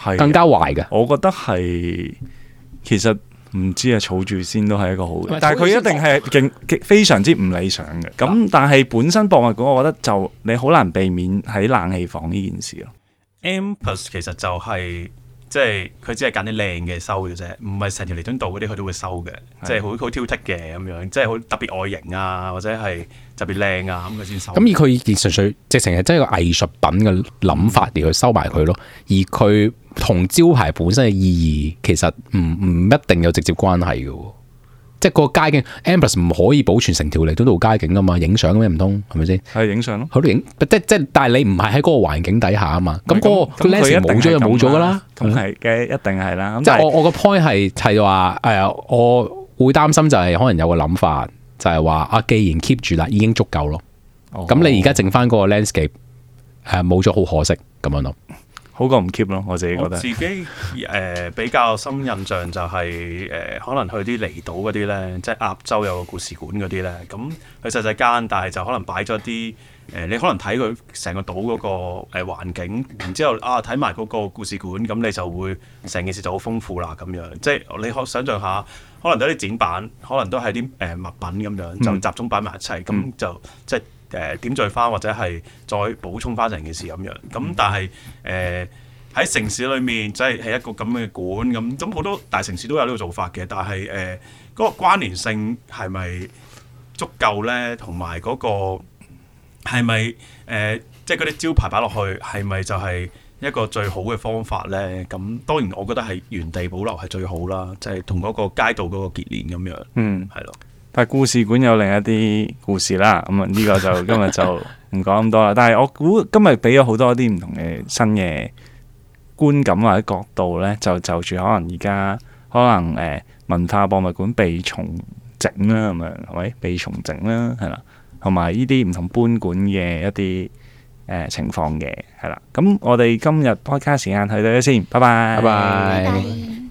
係的更加壞嘅。我覺得係其實唔知啊，儲住先都係一個好嘅， 但係佢一定係勁極非常之唔理想嘅。咁但係本身博物館，我覺得就你好難避免喺冷氣房呢件事咯。ampers 其實就係、是。即係佢只係揀啲靚嘅收嘅啫，唔係成條彌敦道嗰啲佢都會收嘅的，即係好好挑剔嘅咁樣，即係好特別外形啊，或者係特別靚啊咁佢先收。咁而佢純粹直情係真係個藝術品嘅諗法嚟去收埋佢咯，而佢同招牌本身嘅意義其實唔唔一定有直接關係嘅。即係個街景 Ambrose 唔可以保存成條嚟到度街景噶嘛，影相咩唔通係咪先？係影相咯，佢影即即係但係你唔係喺嗰個環境底下啊嘛，咁嗰是但、嗰個、嗯、landscape 冇咗就冇咗噶啦，係嘅一定係啦。嗯、即係我是我個 point 係係話誒，我會擔心就係可能有個諗法，就係話啊，既然 keep 住啦，已經足夠咯，咁、哦嗯、你而家剩翻嗰個 landscape 誒、呃、冇咗好可惜咁樣咯。好過唔 keep 咯，我自己覺得。自己誒、呃、比較深印象就係、是、誒、呃，可能去啲離島嗰啲咧，即係亞洲有個故事館嗰啲咧。咁佢細細間，但係就可能擺咗啲誒，你可能睇佢成個島嗰、那個誒、呃、環境，然之後啊睇埋嗰個故事館，咁你就會成件事就好豐富啦咁樣。即係你可想像下，可能有啲展板，可能都係啲誒物品咁樣，就集中擺埋一齊，咁、嗯、就即係。嗯誒點綴翻或者係再補充翻成件事咁樣，咁但係誒喺城市裏面即係係一個咁嘅館咁，咁好多大城市都有呢個做法嘅，但係誒嗰個關聯性係咪足夠呢？同埋嗰個係咪誒即係嗰啲招牌擺落去係咪就係一個最好嘅方法呢？咁當然我覺得係原地保留係最好啦，即係同嗰個街道嗰個結連咁樣，嗯，係咯。但係故事館有另一啲故事啦，咁啊呢個就今日就唔講咁多啦。但係我估今日俾咗好多啲唔同嘅新嘅觀感或者角度咧，就就住可能而家可能誒文化博物館被重整啦，咁樣係咪被重整啦，係啦，同埋呢啲唔同搬館嘅一啲誒情況嘅，係啦。咁我哋今日開卡時間去到呢度先，拜拜拜拜。